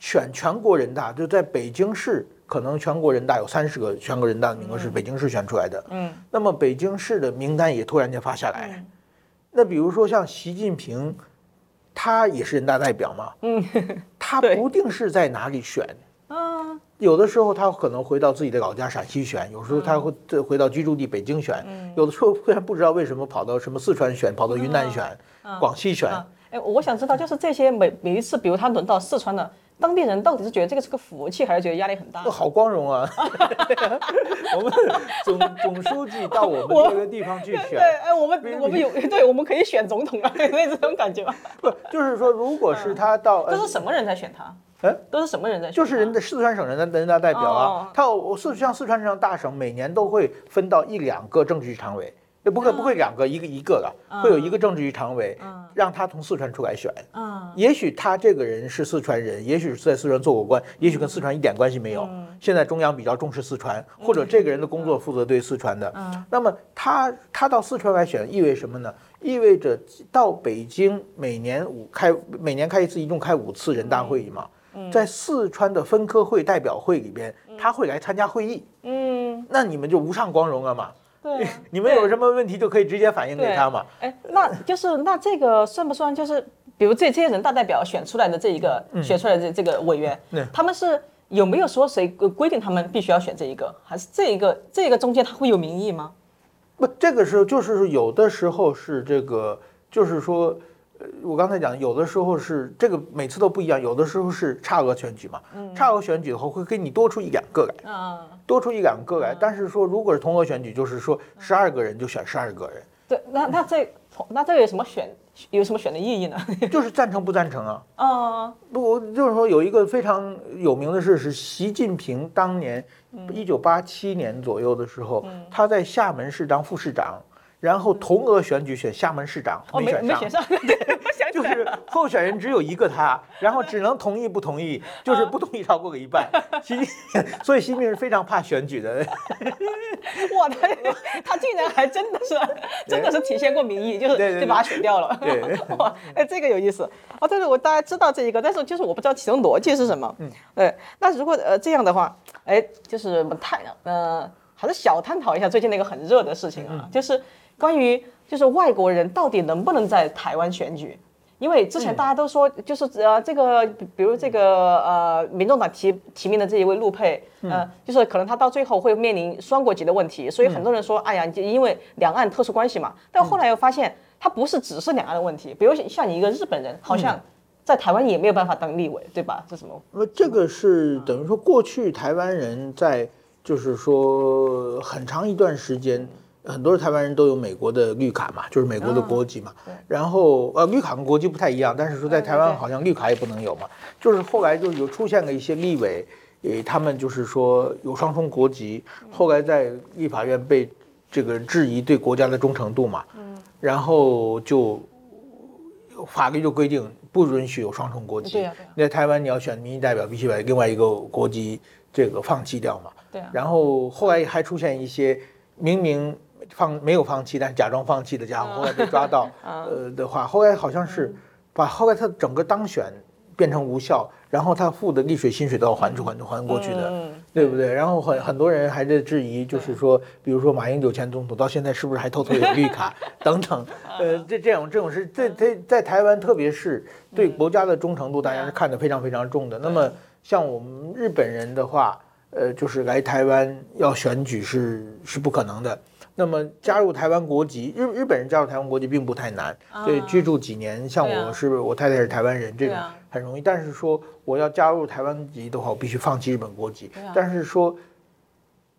S2: 選全，全國人大就在北京市，可能全國人大有三十個全國人大的名額是北京市選出來的。嗯，那麼北京市的名單也突然間發下來，嗯、那比如說像習近平，他也是人大代表嘛。嗯、他不定是在哪裡選。嗯、有的時候他可能回到自己的老家陝西選，嗯、有時候他會回到居住地北京選。嗯、有的時候雖然不知道為什麼跑到什麼四川選，跑到雲南選，嗯啊、廣西選。啊
S1: 哎，我想知道，就是這些每每一次，比如他輪到四川了，當地人到底是覺得這個是個福氣，還是覺得壓力很大？哦、
S2: 好光榮啊！ 我們總總書記到我們這個地方去選，對哎，我們沒我們有
S1: 對，我們可以選總統啊，對，是這種感覺嗎？不，就是說，如果是他到、嗯，都是什麼人在選他？
S2: 哎，
S1: 都是什麼人在選？就是
S2: 人的四川省人的人大代表啊，哦、他四像四川這樣大省，每年都會分到一兩個政治局常委。不會不會，兩個一個一個的，會有一個政治局常委，讓他從四川出來選。也許他這個人是四川人，也許是在四川做過官，也許跟四川一點關係沒有。現在中央比較重視四川，或者這個人的工作負責對四川的，那麼他他到四川來選意味着什麼呢？意味着到北京每年五開，每年開一次，一共開五次人大會議嘛，在四川的分科會代表會裡邊，他會來參加會議。嗯，那你們就無上光榮了嘛。對，啊、對，你們有什麼問題就可以直接反映給他嘛。哎，
S1: 那就是那這個算不算就是，比如這這些人大代表選出來的這一個、嗯、選出來的這個委員，嗯、他們是有沒有說誰規定他們必須要選這一個，還是這一個這個中間他會有民意嗎？
S2: 不，這個時候就是有的時候是這個，就是說。我剛才講，有的時候是這個每次都不一樣，有的時候是差額選舉嘛。嗯、差額選舉的話，會給你多出一兩個來。嗯、多出一兩個來，嗯、但是說如果是同額選舉，就是說十二個人就選十二個人。對，
S1: 那、嗯、那這那這有什麼選有什麼選的意義呢？
S2: 就是贊成不贊成啊？啊。不，我就是說有一個非常有名的事是習近平當年一九八七年左右的時候，嗯、他在廈門市當副市長。然後同額選舉選廈門市長沒選上，對，就是候選人只有一個他，然後只能同意不同意，就是不同意超過個一半。新，所以習近平是非常怕選舉的。
S1: 哇，他他竟然還真的是，真的是體現過民意，就是就把他選掉
S2: 了。
S1: 哇，哎，這個有意思。哦，但是我大概知道這一個，但是就是我不知道其中邏輯是什麼？嗯，對。那如果呃這樣的話，哎，就是我們探呃，還是小探討一下最近那個很熱的事情啊，就是。關於就是外國人到底能不能在台灣選舉？因為之前大家都說，就是呃，這個比如這個呃，民眾黨提提名的這一位陸配，呃，就是可能他到最後會面臨雙國籍的問題，所以很多人說，哎呀，就因為兩岸特殊關係嘛。但後來又發現，他不是只是兩岸的問題，比如像你一個日本人，好像在台灣也沒有辦法當立委，對吧，嗯？這什麼？那，
S2: 嗯、這個是等於說過去台灣人在就是說很長一段時間。很多的台灣人都有美國的綠卡嘛，就是美國的國籍嘛。哦、然後呃，綠卡跟國籍不太一樣，但是說在台灣好像綠卡也不能有嘛。嗯、就是後來就有出現了一些立委，呃，他們就是說有雙重國籍，後來在立法院被這個質疑對國家的忠誠度嘛。嗯。然後就法律就規定不允許有雙重國籍。對，你在台灣你要選民意代表必須把另外一個國籍這個放棄掉嘛。對啊。然後後來還出現一些明明。放沒有放棄，但是假裝放棄的家伙後來被抓到， 呃的話，後來好像是把後來他整個當選變成無效，嗯、然後他付的利水薪水都要還就還出還過去的，嗯、對不對？然後很很多人還在質疑，就是說，嗯、比如說馬英九前總統到現在是不是還偷偷有綠卡等等， 呃，這這種這種事，在在在台灣特別是對國家的忠誠度，大家是看得非常非常重的。嗯、那麼像我們日本人的話，呃，就是來台灣要選舉是是不可能的。那麼加入台灣國籍，日日本人加入台灣國籍並不太難，嗯、所以居住幾年，像我是、啊、我太太是台灣人，這種很容易。啊、但是說我要加入台灣籍的話，我必須放棄日本國籍。啊、但是說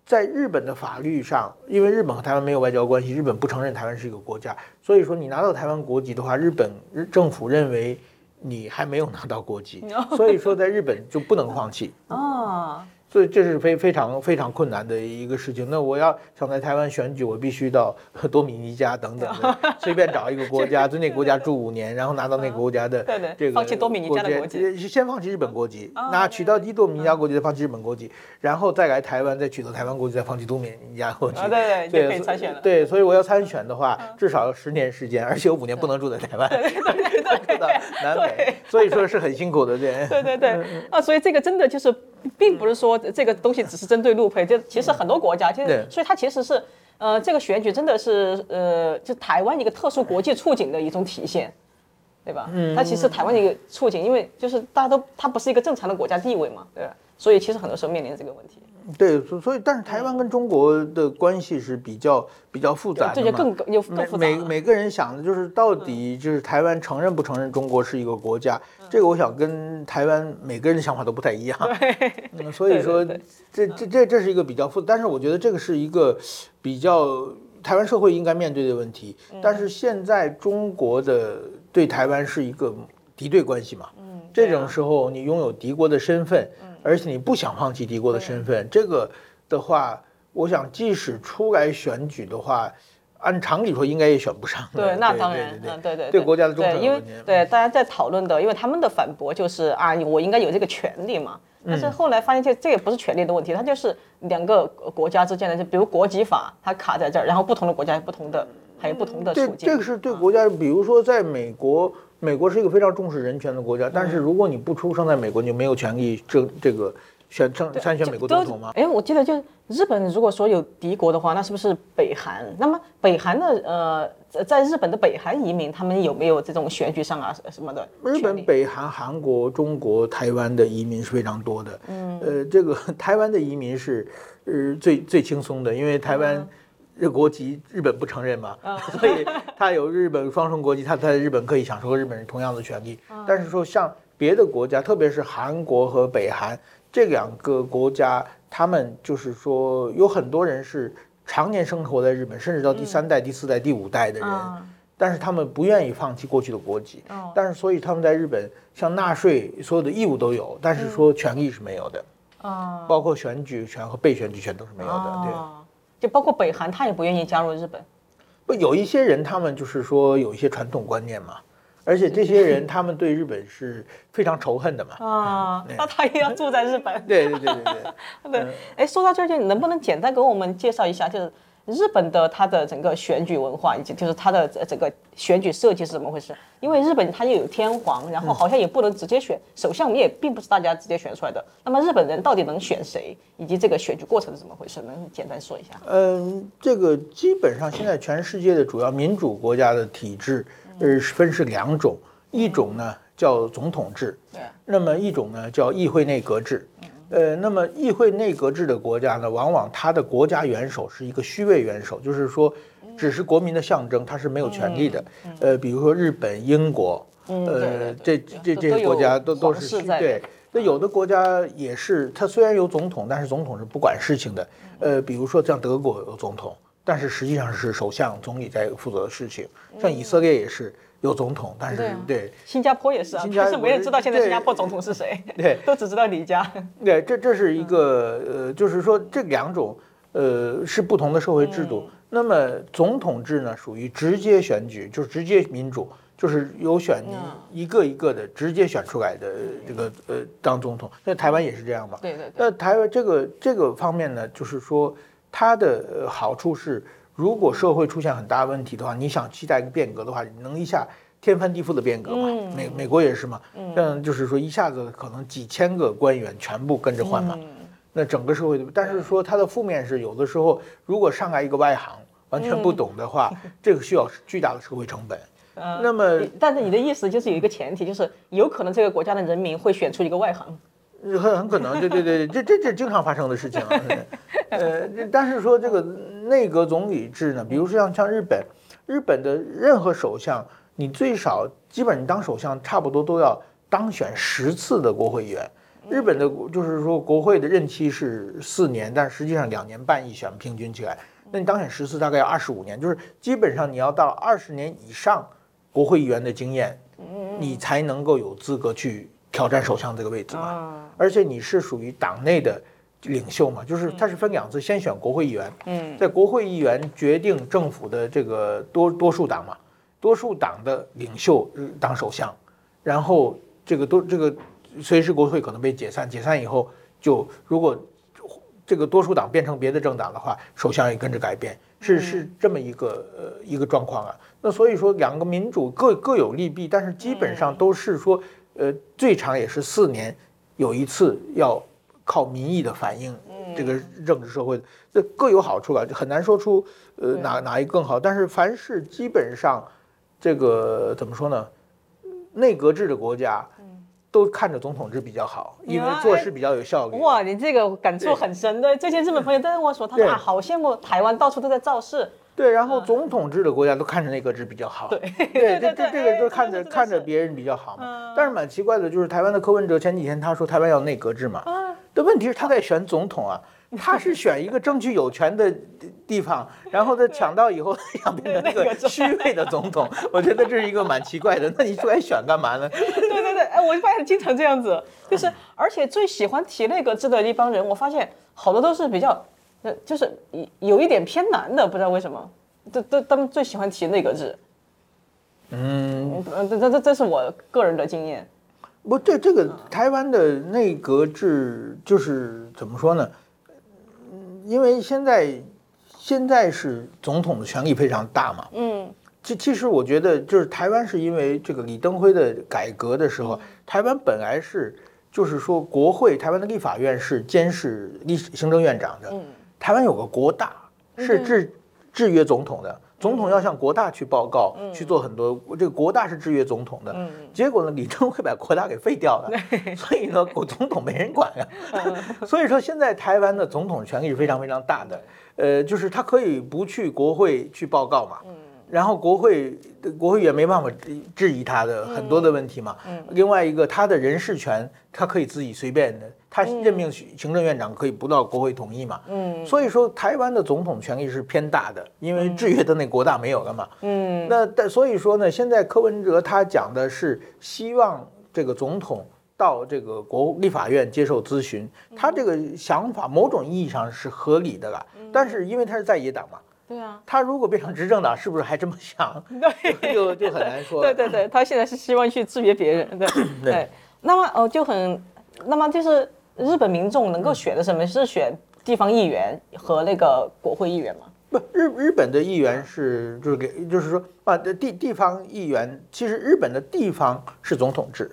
S2: 在日本的法律上，因為日本和台灣沒有外交關係，日本不承認台灣是一個國家，所以說你拿到台灣國籍的話，日本政府認為你還沒有拿到國籍，啊、所以說在日本就不能放棄。 哦所以這是非非常非常困難的一個事情。那我要想在台灣選舉，我必須到多米尼加等等，隨便找一個國家，在那個國家住五年，然後拿到那個國家的這個國籍。 對對對，放棄多米尼加的國籍，先放棄日本國籍，哦、拿取到一多米尼加國籍，再放棄日本國籍，哦、然後再來台灣，再取得台灣國籍，再放棄多米尼加國籍，哦。對對，對，對，也可以參選對，所以我要參選的話，至少要十年時間，而且我五年不能住在台灣， 對對對。對對，對，對，對，所以說是很辛苦的，對。 對對對，
S1: 啊，所以這個真的就是。並不是說這個東西只是針對陸配，就其實很多國家，其實所以它其實是，呃，這個選舉真的是呃，就台灣一個特殊國際處境的一種體現，對吧？嗯，它其實台灣的一個處境，因為就是大家都它不是一個正常的國家地位嘛，對所以其實很多時候面臨這個問題，
S2: 對，所以但是台灣跟中國的關係是比較、嗯、比較複雜的，這就更又更複雜。每每個人想的就是到底就是台灣承認不承認中國是一個國家，嗯、這個我想跟台灣每個人的想法都不太一樣。嗯嗯、所以說， 對對對這這這這是一個比較複雜，嗯、但是我覺得這個是一個比較台灣社會應該面對的問題。嗯、但是現在中國的對台灣是一個敵對關係嘛，嗯啊、這種時候你擁有敵國的身份。嗯而且你不想放棄敵國的身份，對這個的話，我想即使出來選舉的話，按常理說應該也選不上。對，
S1: 對那當然，對,對對
S2: 對，對國家的忠誠問
S1: 題對，因為對大家在討論的，因為他們的反駁就是啊，我應該有這個權利嘛。但是後來發現這，這、嗯、這也不是權利的問題，它就是兩個國家之間的，就比如國籍法，它卡在這兒，然後不同的國家有不同的，還有不同的處境、嗯。這
S2: 個是對國家，啊、比如說在美國。美國是一個非常重視人權的國家，但是如果你不出生在美國，你、嗯、就沒有權利這這個選參參選美國總統嗎？
S1: 哎，我記得就日本，如果說有敵國的話，那是不是北韓？那麼北韓的呃，在在日本的北韓移民，他們有沒有這種選舉上啊什麼的？
S2: 日本、北韓、韓國、中國、台灣的移民是非常多的。嗯，呃，這個台灣的移民是呃最最輕鬆的，因為台灣。嗯這國籍日本不承認嘛，哦、 所以他有日本雙重國籍，他在日本可以享受和日本人同樣的權利。哦、但是說像別的國家，特別是韓國和北韓這兩個國家，他們就是說有很多人是常年生活在日本，甚至到第三代、嗯、第四代、第五代的人，嗯、但是他們不願意放棄過去的國籍。嗯、但是所以他們在日本像納稅所有的義務都有，但是說權利是沒有的，嗯、包括選舉權和被選舉權都是沒有的，
S1: 哦、對。就包括北韓，他也不願意加入日本。
S2: 不，有一些人，他們就是說有一些傳統觀念嘛，而且這些人他們對日本是非常仇恨的嘛。 嗯、啊，嗯、那他也要住在日本。 對對對
S1: 對。 對，哎，說到這就你能不能簡單給我們介紹一下？就是。日本的它的整個選舉文化以及就是它的整個選舉設計是怎麼回事？因為日本它又有天皇，然後好像也不能直接選首相，也並不是大家直接選出來的。那麼日本人到底能選誰，以及這個選舉過程是怎麼回事？能簡單說一下？嗯，嗯，
S2: 這個基本上現在全世界的主要民主國家的體制，呃，分是兩種，嗯，一種呢叫總統制，對，嗯，那麼一種呢叫議會內閣制。嗯嗯。呃，那麼議會內閣制的國家呢，往往它的國家元首是一個虛位元首，就是說，只是國民的象徵，它是沒有權力的。呃，比如說日本、英國，呃，這這這些國家都都是虛對。那有的國家也是，它雖然有總統，但是總統是不管事情的。呃，比如說像德國有總統。但是實際上是首相總理在負責的事情，像以色列也是有總統，嗯、但是對，
S1: 新加坡也是啊，但是沒人知道現在新加坡總統是誰？
S2: 對，都只知道李家。對，對，這這是一個、嗯、呃，就是說這兩種呃是不同的社會制度。嗯、那麼總統制呢，屬於直接選舉，就是直接民主，就是有選你一個一個的直接選出來的這個、嗯、呃當總統。那台灣也是這樣吧？對對、嗯。那台灣這個這個方面呢，就是說。它的好處是，如果社會出現很大問題的話，你想期待一個變革的話，你能一下天翻地覆的變革嗎？嗯、美美國也是嘛，嗯，就是說一下子可能幾千個官員全部跟着換嘛，嗯、那整個社會，但是說它的負面是，有的時候如果上來一個外行，完全不懂的話，嗯、這個需要巨大的社會成本。嗯、
S1: 那麼，但是你的意思就是有一個前提，就是有可能這個國家的人民會選出一個
S2: 外行。很很可能，對對對，這這這經常發生的事情啊。呃，這但是說這個內閣總理制呢，比如說像像日本，日本的任何首相，你最少基本你當首相差不多都要當選十次的國會議員。日本的就是說，國會的任期是四年，但實際上兩年半一選，平均起來，那你當選十次大概要二十五年，就是基本上你要到二十年以上國會議員的經驗，你才能夠有資格去。挑戰首相這個位置嘛，而且你是屬於黨內的領袖嘛，就是他是分兩次，先選國會議員，嗯，在國會議員決定政府的這個多多數黨嘛，多數黨的領袖當首相，然後這個多這個隨時國會可能被解散，解散以後就如果這個多數黨變成別的政黨的話，首相也跟着改變，是是這麼一個、呃、一個狀況啊。那所以說，兩個民主各各有利弊，但是基本上都是說。呃，最長也是四年，有一次要靠民意的反映，嗯、這個政治社會，這各有好處吧？就很難說出，呃，哪哪一個更好。嗯、但是凡事基本上，這個怎麼說呢？內閣制的國家，都看着總統制比較好，嗯、因為做事比較有效率。哎、
S1: 哇，你這個感觸很深對，對這些日本朋友都在跟我說，他說、嗯啊、
S2: 好羨慕台灣，到處都在造勢。 對，然後總統制的國家都看着內閣制比較好。嗯、對對對對對。這這這個就看着、哎、對對對是看着別人比較好嘛。嗯、但是蠻奇怪的，就是台灣的柯文哲前幾天他說台灣要內閣制嘛。啊、嗯。的問題是他在選總統啊，他是選一個爭取有權的地方，嗯、然後他搶到以後他想變成那個虛位的總統。那個、我覺得這是一個蠻奇怪的。嗯嗯、那你出來選幹嘛呢？對對對，哎，我發現經常這樣子，就
S1: 是而且最喜歡提內閣制的一幫人，我發現好多都是比較。那就是有有一點偏難的，不知道為什麼，這這他們最喜歡提內閣制，嗯，這這這是我個人的經驗，
S2: 不，對，這這個台灣的內閣制就是怎麼說呢？嗯，因為現在現在是總統的權力非常大嘛，嗯，其其實我覺得就是台灣是因為這個李登輝的改革的時候，台灣本來是就是說國會台灣的立法院是監視立行政院長的，嗯。台灣有個國大是制制約總統的，嗯、總統要向國大去報告，嗯、去做很多。這個國大是制約總統的，嗯、結果呢，李登輝把國大給廢掉了，嗯、所以呢， 國總統沒人管呀、啊。 所以說，現在台灣的總統權力是非常非常大的。呃，就是他可以不去國會去報告嘛，然後國會國會也沒辦法質疑他的、嗯、很多的問題嘛。嗯、另外一個，他的人事權，他可以自己隨便的。他任命行政院長可以不到國會同意嘛？嗯，所以說台灣的總統權力是偏大的，因為制約的那國大沒有了嘛。嗯，那但所以說呢，現在柯文哲他講的是希望這個總統到這個國立法院接受諮詢，他這個想法某種意義上是合理的了。但是因為他是在野黨嘛，對啊，他如果變成執政黨，是不是還這麼想？對，就就很難說。對對對，他現在是希望去制約別人。對對，那麼哦就很，
S1: 那麼就是。日本民眾能夠選的什麼、嗯、是選地方議員和那個
S2: 國會議員嗎？不，日日本的議員是就是給就是說這、啊、地地方議員其實日本的地方是總統制，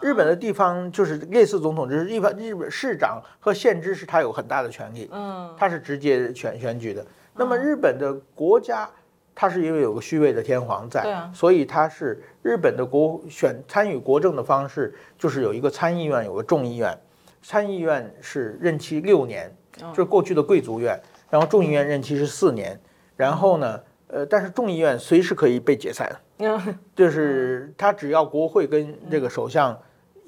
S2: 日本的地方就是類似總統制，一般、啊、日本市長和縣知事他有很大的權力，嗯，他是直接選選舉的。嗯、那麼日本的國家，它是因為有個虛位的天皇在，嗯、所以它是日本的國選參與國政的方式就是有一個參議院，有個眾議院。參議院是任期六年，就是過去的貴族院，然後眾議院任期是四年，然後呢，呃，但是眾議院隨時可以被解散，就是他只要國會跟這個首相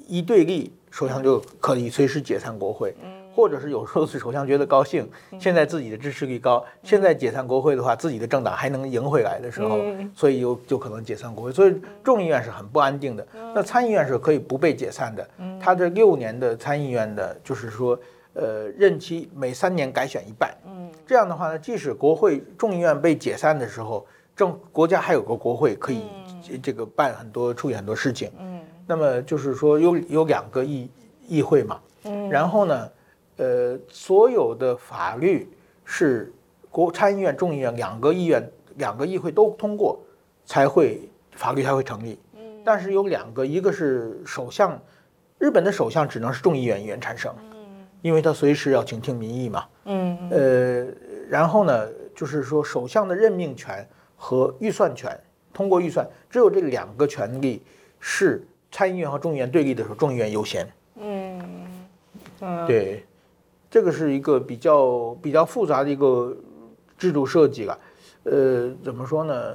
S2: 一對立，首相就可以隨時解散國會。或者是有時候是首相覺得高興，現在自己的支持率高，現在解散國會的話，自己的政黨還能贏回來的時候，所以有就可能解散國會。所以眾議院是很不安定的，那參議院是可以不被解散的。他這六年的參議院的，就是說，呃，任期每三年改選一半。這樣的話呢，即使國會眾議院被解散的時候，政府國家還有個國會可以這個辦很多處理很多事情。那麼就是說有有兩個議議會嘛。然後呢，呃，所有的法律是國參議院、眾議院兩個議院、兩個議會都通過才會法律才會成立。嗯，但是有兩個，一個是首相，日本的首相只能是眾議院議員產生，嗯，因為他隨時要傾聽民意嘛。嗯，呃，然後呢，就是說首相的任命權和預算權，通過預算，只有這兩個權力是參議院和眾議院對立的時候，眾議院優先，嗯。嗯，對。這個是一個比較比較複雜的一個制度設計了，啊，呃，怎麼說呢？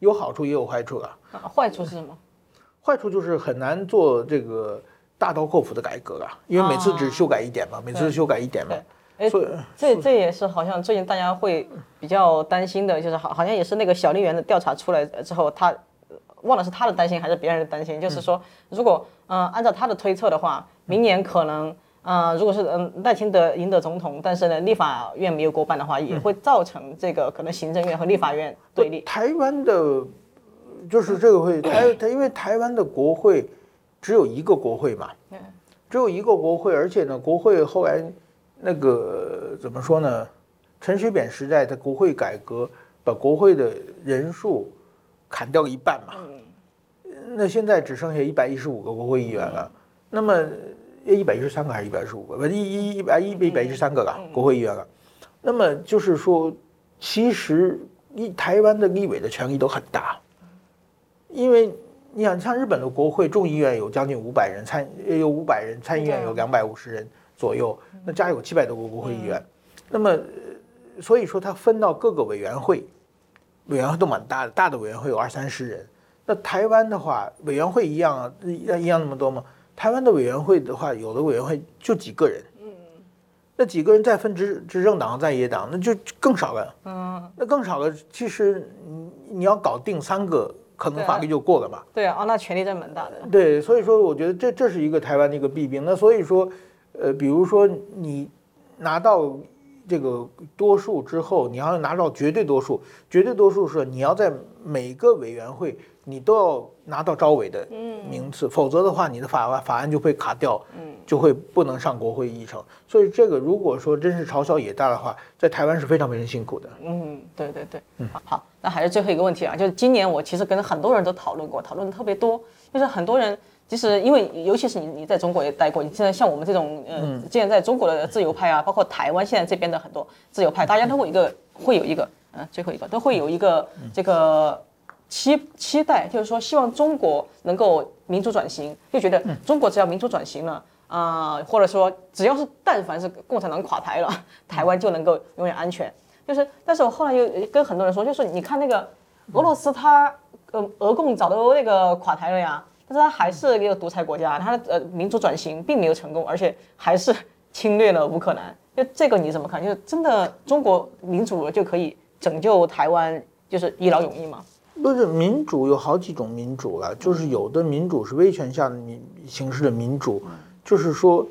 S2: 有好處也有壞處了，啊。壞處是什麼？壞處就是很難做這個大刀闊斧的改革了，啊，因為每次只修改一點嘛，啊，每次修改一點嘛。
S1: 對所以誒誒這這也是好像最近大家會比較擔心的，就是好好像也是那個小笠原的調查出來之後，他忘了是他的擔心還是別人的擔心，嗯、就是說如果嗯、呃、按照他的推測的話，明年可能、嗯。啊、呃，如果是嗯賴清德贏得總統，但是呢，立法院沒有過半的話，也會造成這個可能行政院和立法院
S2: 對立。嗯、台灣的，就是這個會台台，因為台灣的國會只有一個國會嘛，嗯、只有一個國會，而且呢，國會後來那個怎麼說呢？陳水扁時代的國會改革，把國會的人數砍掉一半嘛，嗯、那現在只剩下一百一十五個國會議員了、啊，嗯、那麼。一百一十三個還是一百一十五個？不，一一一百一百一十三個吧，國會議員了。那麼就是說，其實一台灣的立委的權力都很大，因為你想，像日本的國會眾議院有將近五百人，參有五百人，參議院有兩百五十人左右，那家有七百多個國會議員。那麼，所以說他分到各個委員會，委員會都蠻大的，大的委員會有二三十人。那台灣的話，委員會一樣，一樣那麼多嗎？台灣的委員會的話，有的委員會就幾個人，嗯，那幾個人再分執執政黨、在野黨，那就更少了，嗯，那更少了。其實你你要搞定三個，可能法律就過了吧。
S1: 對啊。對啊，那權力真蠻大
S2: 的。對，所以說我覺得這這是一個台灣的一個弊病。那所以說，呃，比如說你拿到這個多數之後，你要拿到絕對多數，絕對多數是你要在每個委員會。你都要拿到召委的名次，嗯、否則的話，你的法案法案就會卡掉，嗯、就會不能上國會議程。所以，這個如果說真是朝小野大的話，在台灣是非常非常辛苦的。嗯，對對對，嗯，好，
S1: 那還是最後一個問題啊，就是今年我其實跟很多人都討論過，討論的特別多，就是很多人其實因為，尤其是你，你在中國也待過，你現在像我們這種，呃、嗯，現在在中國的自由派啊，包括台灣現在這邊的很多自由派，大家都會一個、嗯、會有一個，嗯，最後一個都會有一個這個。嗯嗯期期待就是說，希望中國能夠民主轉型，就覺得中國只要民主轉型了啊、呃，或者說只要是但凡是共產黨垮台了，台灣就能夠永遠安全。就是，但是我後來又跟很多人說，就是你看那個俄羅斯，他呃，俄共早都那個垮台了呀，但是它還是一個獨裁國家，它的呃民主轉型並沒有成功，而且還是侵略了烏克蘭。就這個你怎麼看？就是真的中國民主就可以拯救台灣，就是一勞永逸嗎？
S2: 不是，民主有好幾種民主了、啊，就是有的民主是威權下的民形式的民主，就是說，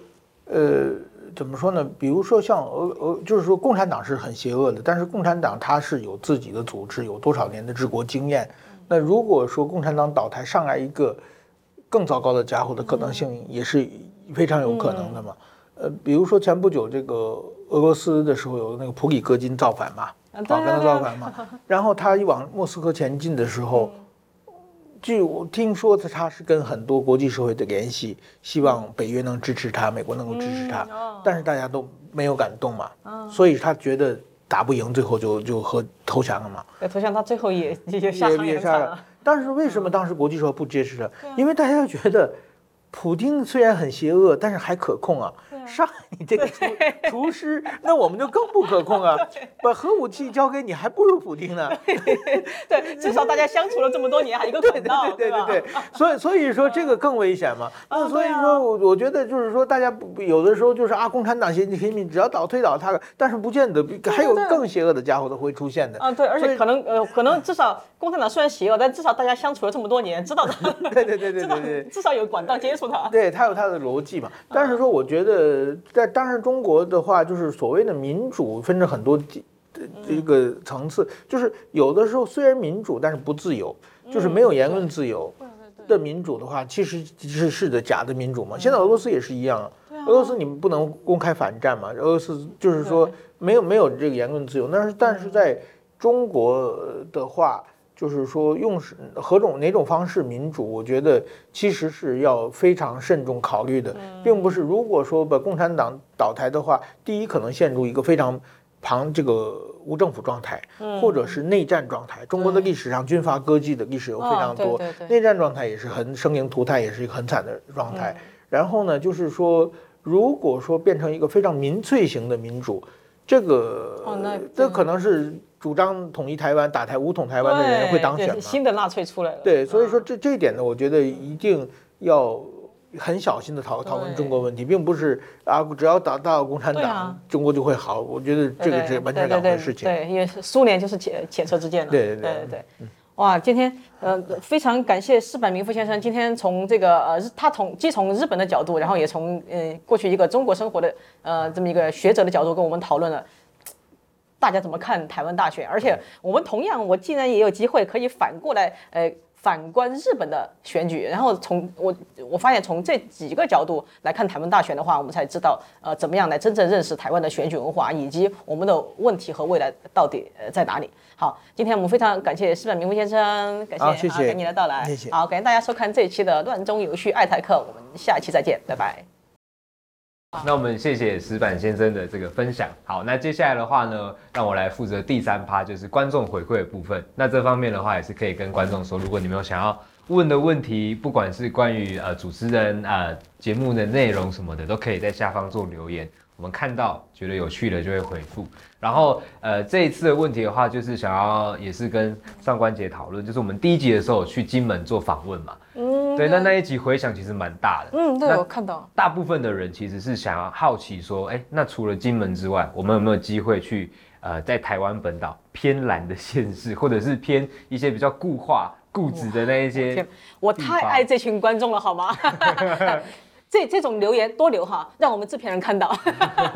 S2: 呃，怎麼說呢？比如說像俄俄，就是說共產黨是很邪惡的，但是共產黨它是有自己的組織，有多少年的治國經驗。那如果說共產黨倒台，上來一個更糟糕的傢伙的可能性也是非常有可能的嘛。嗯嗯、呃，比如說前不久這個俄羅斯的時候有那個普里戈金造反嘛。早、oh, 啊、跟他造反嘛， 然後他一往莫斯科前進的時候，嗯、據我聽說，他他是跟很多國際社會的聯繫，希望北約能支持他，美國能夠支持他。嗯、但是大家都沒有敢動嘛，嗯、所以他覺得打不贏，最後就就和投降了嘛。
S1: 投降他最後也下場也很慘了。
S2: 但是為什麼當時國際社會不支持他？嗯啊、因為大家覺得，普京雖然很邪惡，但是還可控啊。上你這個廚師，那我們就更不可控啊！把核武器交給你，還不如普京呢。對，至少大家相處了這麼多年，還有一個管道，對對對對對。所以所以說這個更危險嘛。那所以說我我覺得就是說大家有的時候就是啊，共產黨邪進，平你，只要倒推倒他，但是不見得還有更邪惡的家伙都會出現的啊。
S1: 對，而且可能呃，可能至少共產黨雖然邪惡，但至少大家相處了這麼多年，知道他。
S2: 對對對對對對，
S1: 至少有管道接觸
S2: 他。對，他有他的邏輯嘛，但是說我覺得。呃，在當然中國的話，就是所謂的民主分成很多這這個層次，就是有的時候雖然民主，但是不自由，就是沒有言論自由的民主的話，其實是是的假的民主嘛。現在俄羅斯也是一樣，俄羅斯你們不能公開反戰嘛，俄羅斯就是說沒有沒有這個言論自由，但是但是在中國的話。就是說，用是何種哪種方式民主，我覺得其實是要非常慎重考慮的，並不是。如果說把共產黨倒台的話，第一可能陷入一個非常龐這個無政府狀態，或者是內戰狀態。中國的歷史上軍閥割據的歷史有非常多，內戰狀態也是很生靈塗炭，也是一個很慘的狀態。然後呢，就是說，如果說變成一個非常民粹型的民主，這個這可能是。主張統一台灣、打台、武統台灣的人會當選嗎？
S1: 新的納粹出來了。
S2: 對，所以說這、嗯、這一點呢，我覺得一定要很小心的討討論中國問題，對並不是啊，只要打，打倒共產黨，啊、中國就會好。我覺得這個是完全兩回事情。對，對，對，對，對，
S1: 對，因為蘇聯就是前前車之鑑，對對對、對、對、嗯、哇，今天呃，非常感謝矢板明夫先生，今天從這個呃，他從既從日本的角度，然後也從嗯、呃、過去一個中國生活的呃這麼一個學者的角度跟我們討論了。大家怎麼看台灣大選？而且我們同樣，我竟然也有機會可以反過來，呃，反觀日本的選舉，然後從我我發現從這幾個角度來看台灣大選的話，我們才知道，呃，怎麼樣來真正認識台灣的選舉文化，以及我們的問題和未來到底、呃、在哪裡。好，今天我們非常感謝矢板明夫先生，感謝、謝、謝啊，感謝您的到來，謝謝。好，感謝大家收看這一期的《亂中有序愛台客》，我們下一期再見，拜拜。嗯
S3: 那我們謝謝矢板先生的這個分享。好，那接下來的話呢，讓我來負責第三趴，就是觀眾回饋的部分。那這方面的話，也是可以跟觀眾說，如果你們有想要問的問題，不管是關於呃主持人啊、呃、節目的內容什麼的，都可以在下方做留言。我們看到覺得有趣的就會回復。然後呃，這一次的問題的話，就是想要也是跟上官姐討論，就是我們第一集的時候去金門做訪問嘛。嗯。對，那那一集回響其實蠻大的。嗯，對，那我看到大部分的人其實是想要好奇說，哎，那除了金門之外，我們有沒有機會去呃，在台灣本島偏藍的縣市，或者是偏一些比較固化、固執的那一些我？我太愛這
S1: 群觀眾了，好嗎？ 這這種留言多留哈，讓我們製片人看到，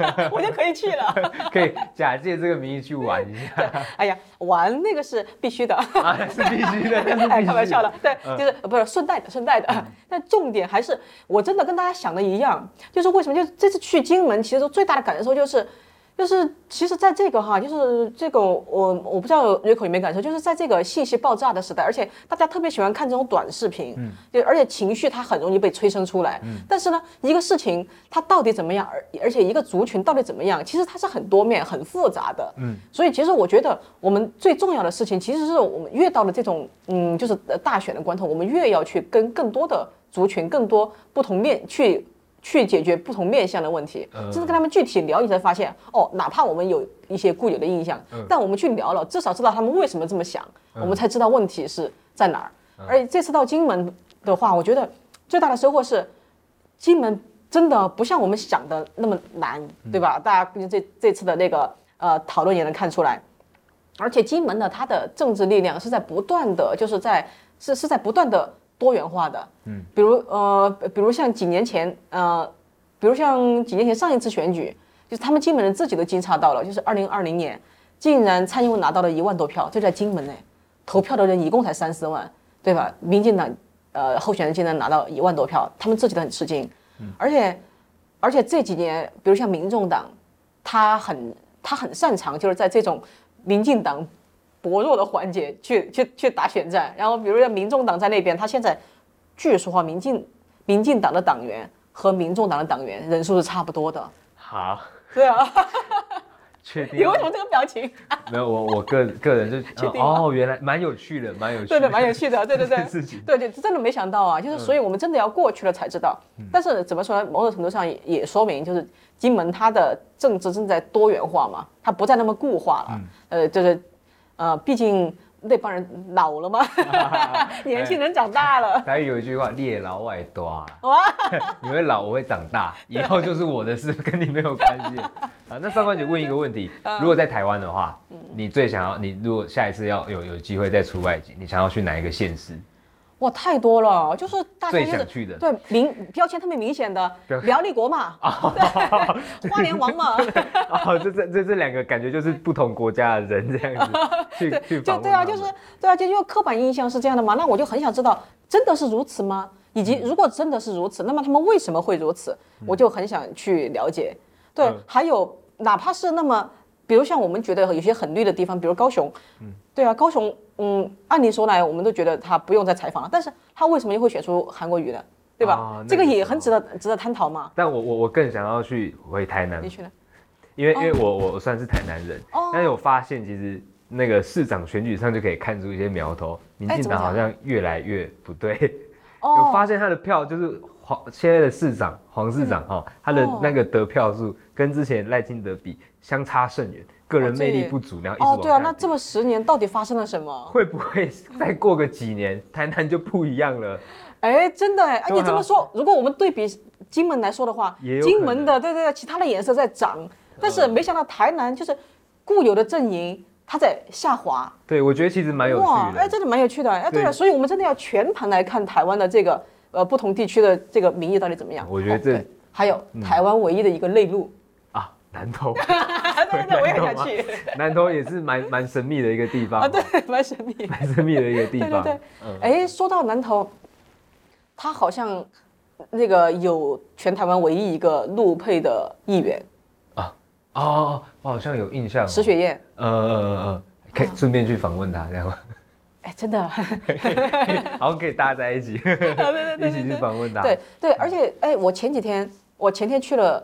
S1: 我就可以去了，
S3: 可以假借這個名義去玩一
S1: 下。 哎呀，玩那個是必須的， 啊、是必須的。須哎，開玩笑的，對，嗯、就是不是順帶的，順帶的。嗯、但重點還是，我真的跟大家想的一樣，就是為什麼，就是這次去金門，其實最大的感受就是。就是其實，在這個哈，就是這個我我不知道 Rico 有沒有感受，就是在這個信息爆炸的時代，而且大家特別喜歡看這種短視頻，嗯，就而且情緒它很容易被催生出來。嗯，但是呢，一個事情它到底怎麼樣，而而且一個族群到底怎麼樣，其實它是很多面、很複雜的。嗯，所以其實我覺得我們最重要的事情，其實是我們越到了這種嗯，就是大選的關頭，我們越要去跟更多的族群、更多不同面去。去解決不同面向的問題，就是跟他們具體聊，你才發現哦，哪怕我們有一些固有的印象，但我們去聊了，至少知道他們為什麼這麼想，我們才知道問題是在哪兒。而這次到金門的話，我覺得最大的收穫是，金門真的不像我們想的那麼難，對吧？大家估計這這次的那個呃討論也能看出來，而且金門呢，它的政治力量是在不斷的，就是在是是在不斷的。多元化的，嗯，比如呃，比如像幾年前，呃，比如像幾年前上一次選舉，就是他們金門人自己都驚詫到了，就是二零二零年，竟然蔡英文拿到了一萬多票，就在金門呢，投票的人一共才三四萬，對吧？民進黨呃候選人竟然拿到一萬多票，他們自己都很吃驚，而且，而且這幾年，比如像民眾黨，他很他很擅長就是在這種，民進黨。薄弱的環節去去去打選戰，然後比如說民眾黨在那邊，他現在據說話民進民進黨的黨員和民眾黨的黨員人數是差不多的。
S3: 好哈，對啊，確定、啊？ 你
S1: 為什麼這個表情？
S3: 沒有我，我個個人就確定、啊。哦，原來蠻有趣的，蠻有趣的，的蠻有
S1: 趣的，對對對，自己對對，真的沒想到啊，就是所以我們真的要過去了才知道。嗯、但是怎麼說呢？某種程度上也也說明，就是金門它的政治正在多元化嘛，它不再那麼固化了。嗯，呃，就是。呃，畢竟那幫人老了嘛， 年輕人長大了、
S3: 啊。還、啊啊、有一句話：“內老外多。”你會老，我會長大， 以後就是我的事， 跟你沒有關係啊。 那上官姐問一個問題： 如果在台灣的話，嗯、你最想要你如果下一次要有有機會再出外景，你想要去哪一個縣市？
S1: 哇，太多了，就是大家就是最想去的。對，明標籤特別明顯的 苗栗國嘛， 花蓮王嘛，
S3: 哦、這這這這兩個感覺就是不同國家的人這樣子去 去， 對就， 就對啊，
S1: 就是對啊，就因為、就是、刻板印象是這樣的嘛，那我就很想知道真的是如此嗎？以及如果真的是如此，那麼他們為什麼會如此？嗯、我就很想去了解。
S2: 對，嗯、
S1: 還有哪怕是那麼。比如像我們覺得有些很綠的地方，比如高雄，嗯，對啊，高雄，嗯，按理說來，我們都覺得他不用再採訪了，但是他為什麼又會選出韓國瑜的，
S3: 對吧？哦、這個也
S1: 很值得值得探討嘛。
S3: 但我我我更想要去回台南，嗯、你去呢？因為因為我、哦、我算是台南人，哦、但是我發現其實那個市長選舉上就可以看出一些苗頭，民進黨好像越來越不對。哦、哎。我 發現他的票就是黃現在的市長黃市長哈，嗯、他的那個得票數跟之前賴清德比。相差甚遠，個人魅力不足，然後哦，對啊，那
S1: 這麼十年到底發生了什麼？
S3: 會不會再過個幾年，台南就不一樣了？
S1: 哎，真的哎，你這麼說？如果我們對比金門來說的話，金門的對對其他的顏色在漲，但是沒想到台南就是固有的陣營，它在下滑。
S3: 對，我覺得其實蠻有趣。哇，哎，
S1: 真的蠻有趣的。哎，對了，所以我們真的要全盤來看台灣的這個呃不同地區的這個民意到底怎麼樣？我覺得這。還有台灣唯一的一個內陸。
S3: 南投，真的我也想去。南投也是蠻蠻神秘的一個地方啊，對，
S1: 蠻神秘，蠻神
S3: 秘的一個地方。對
S1: 哎，說到南投，他好像那個有全台灣唯一一個陸配的議員
S3: 哦哦，我好像有印象。史雪燕，呃呃呃，可以順便去訪問他，這樣嗎？
S1: 哎，真的，
S3: 好，可以大家在一起，對一起去訪問他。對
S1: 對，而且哎，我前幾天，我前天去了。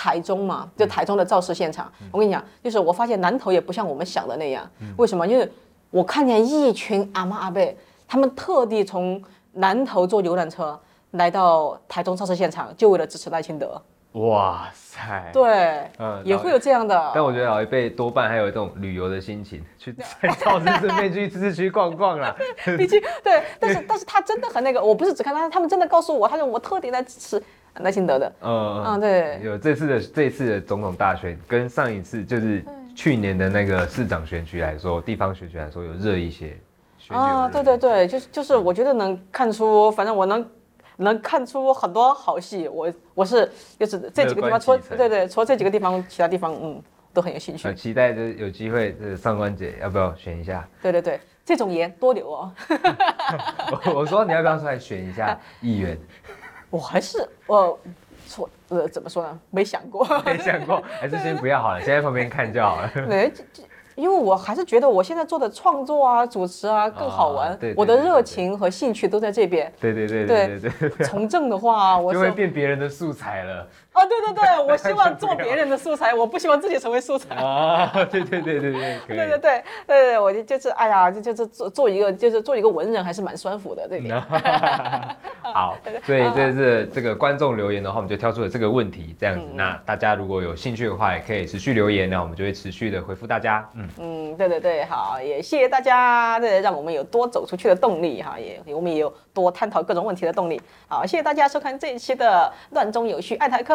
S1: 台中嘛，就台中的造勢現場。嗯、我跟你講，就是我發現南投也不像我們想的那樣。嗯、為什麼？因為我看見一群阿嬤阿伯，他們特地從南投坐遊覽車來到台中造勢現場，就為了支持賴清德。
S3: 哇塞！對，呃、也會
S1: 有這樣的。
S3: 但我覺得老一輩多半還有一種旅遊的心情，去造勢身邊 去自治區逛逛了，畢竟對，但是
S1: 但是他真的很那個，我不是只看他，他們真的告訴我，他說我特地來支持。耐心得的，
S3: 嗯嗯，對，有這次的這次的總統大選跟上一次就是去年的那個市長選舉來說，對地方選舉來說有熱一些。選
S1: 一些啊，對對對，就是就是，我覺得能看出，反正我能能看出很多好戲。我我是就是這幾個地方，除，對，對對，除了這幾個地方，其他地方嗯都很有
S3: 興趣。嗯，期待就是有機會，上官姐要不要選一下？
S1: 對對對，這種言多留哦 我。
S3: 我說你要不要出來選一下議員？啊我還是呃，錯呃，怎麼說呢？沒想過，沒想過，還是先不要好了，先在旁邊看就好了。因
S1: 為我還是覺得我現在做的創作啊、主持啊更好玩，我的熱情和興趣都在這邊。對
S3: 對對對對對。從
S1: 政的話，我就會
S3: 變別人的素材了。
S1: 哦，對對對，我希望做別人的素材，不我不希望自己成為素材。啊
S3: ，oh, 對對對對，對對對，
S1: 對對對對對，我就就是哎呀，就就是做做一個，就是做一個文人，還是蠻酸腐的，對不
S3: 對？No. 好，所以這是這個觀眾留言的話，我們就挑出了這個問題，這樣子。嗯、那大家如果有興趣的話，也可以持續留言，那我們就會持續的回復大家。嗯
S1: 嗯，對對對，好，也謝謝大家，對，讓我們有多走出去的動力哈，也我們也有多探討各種問題的動力。好，謝謝大家收看這一期的《亂中有序愛台客》。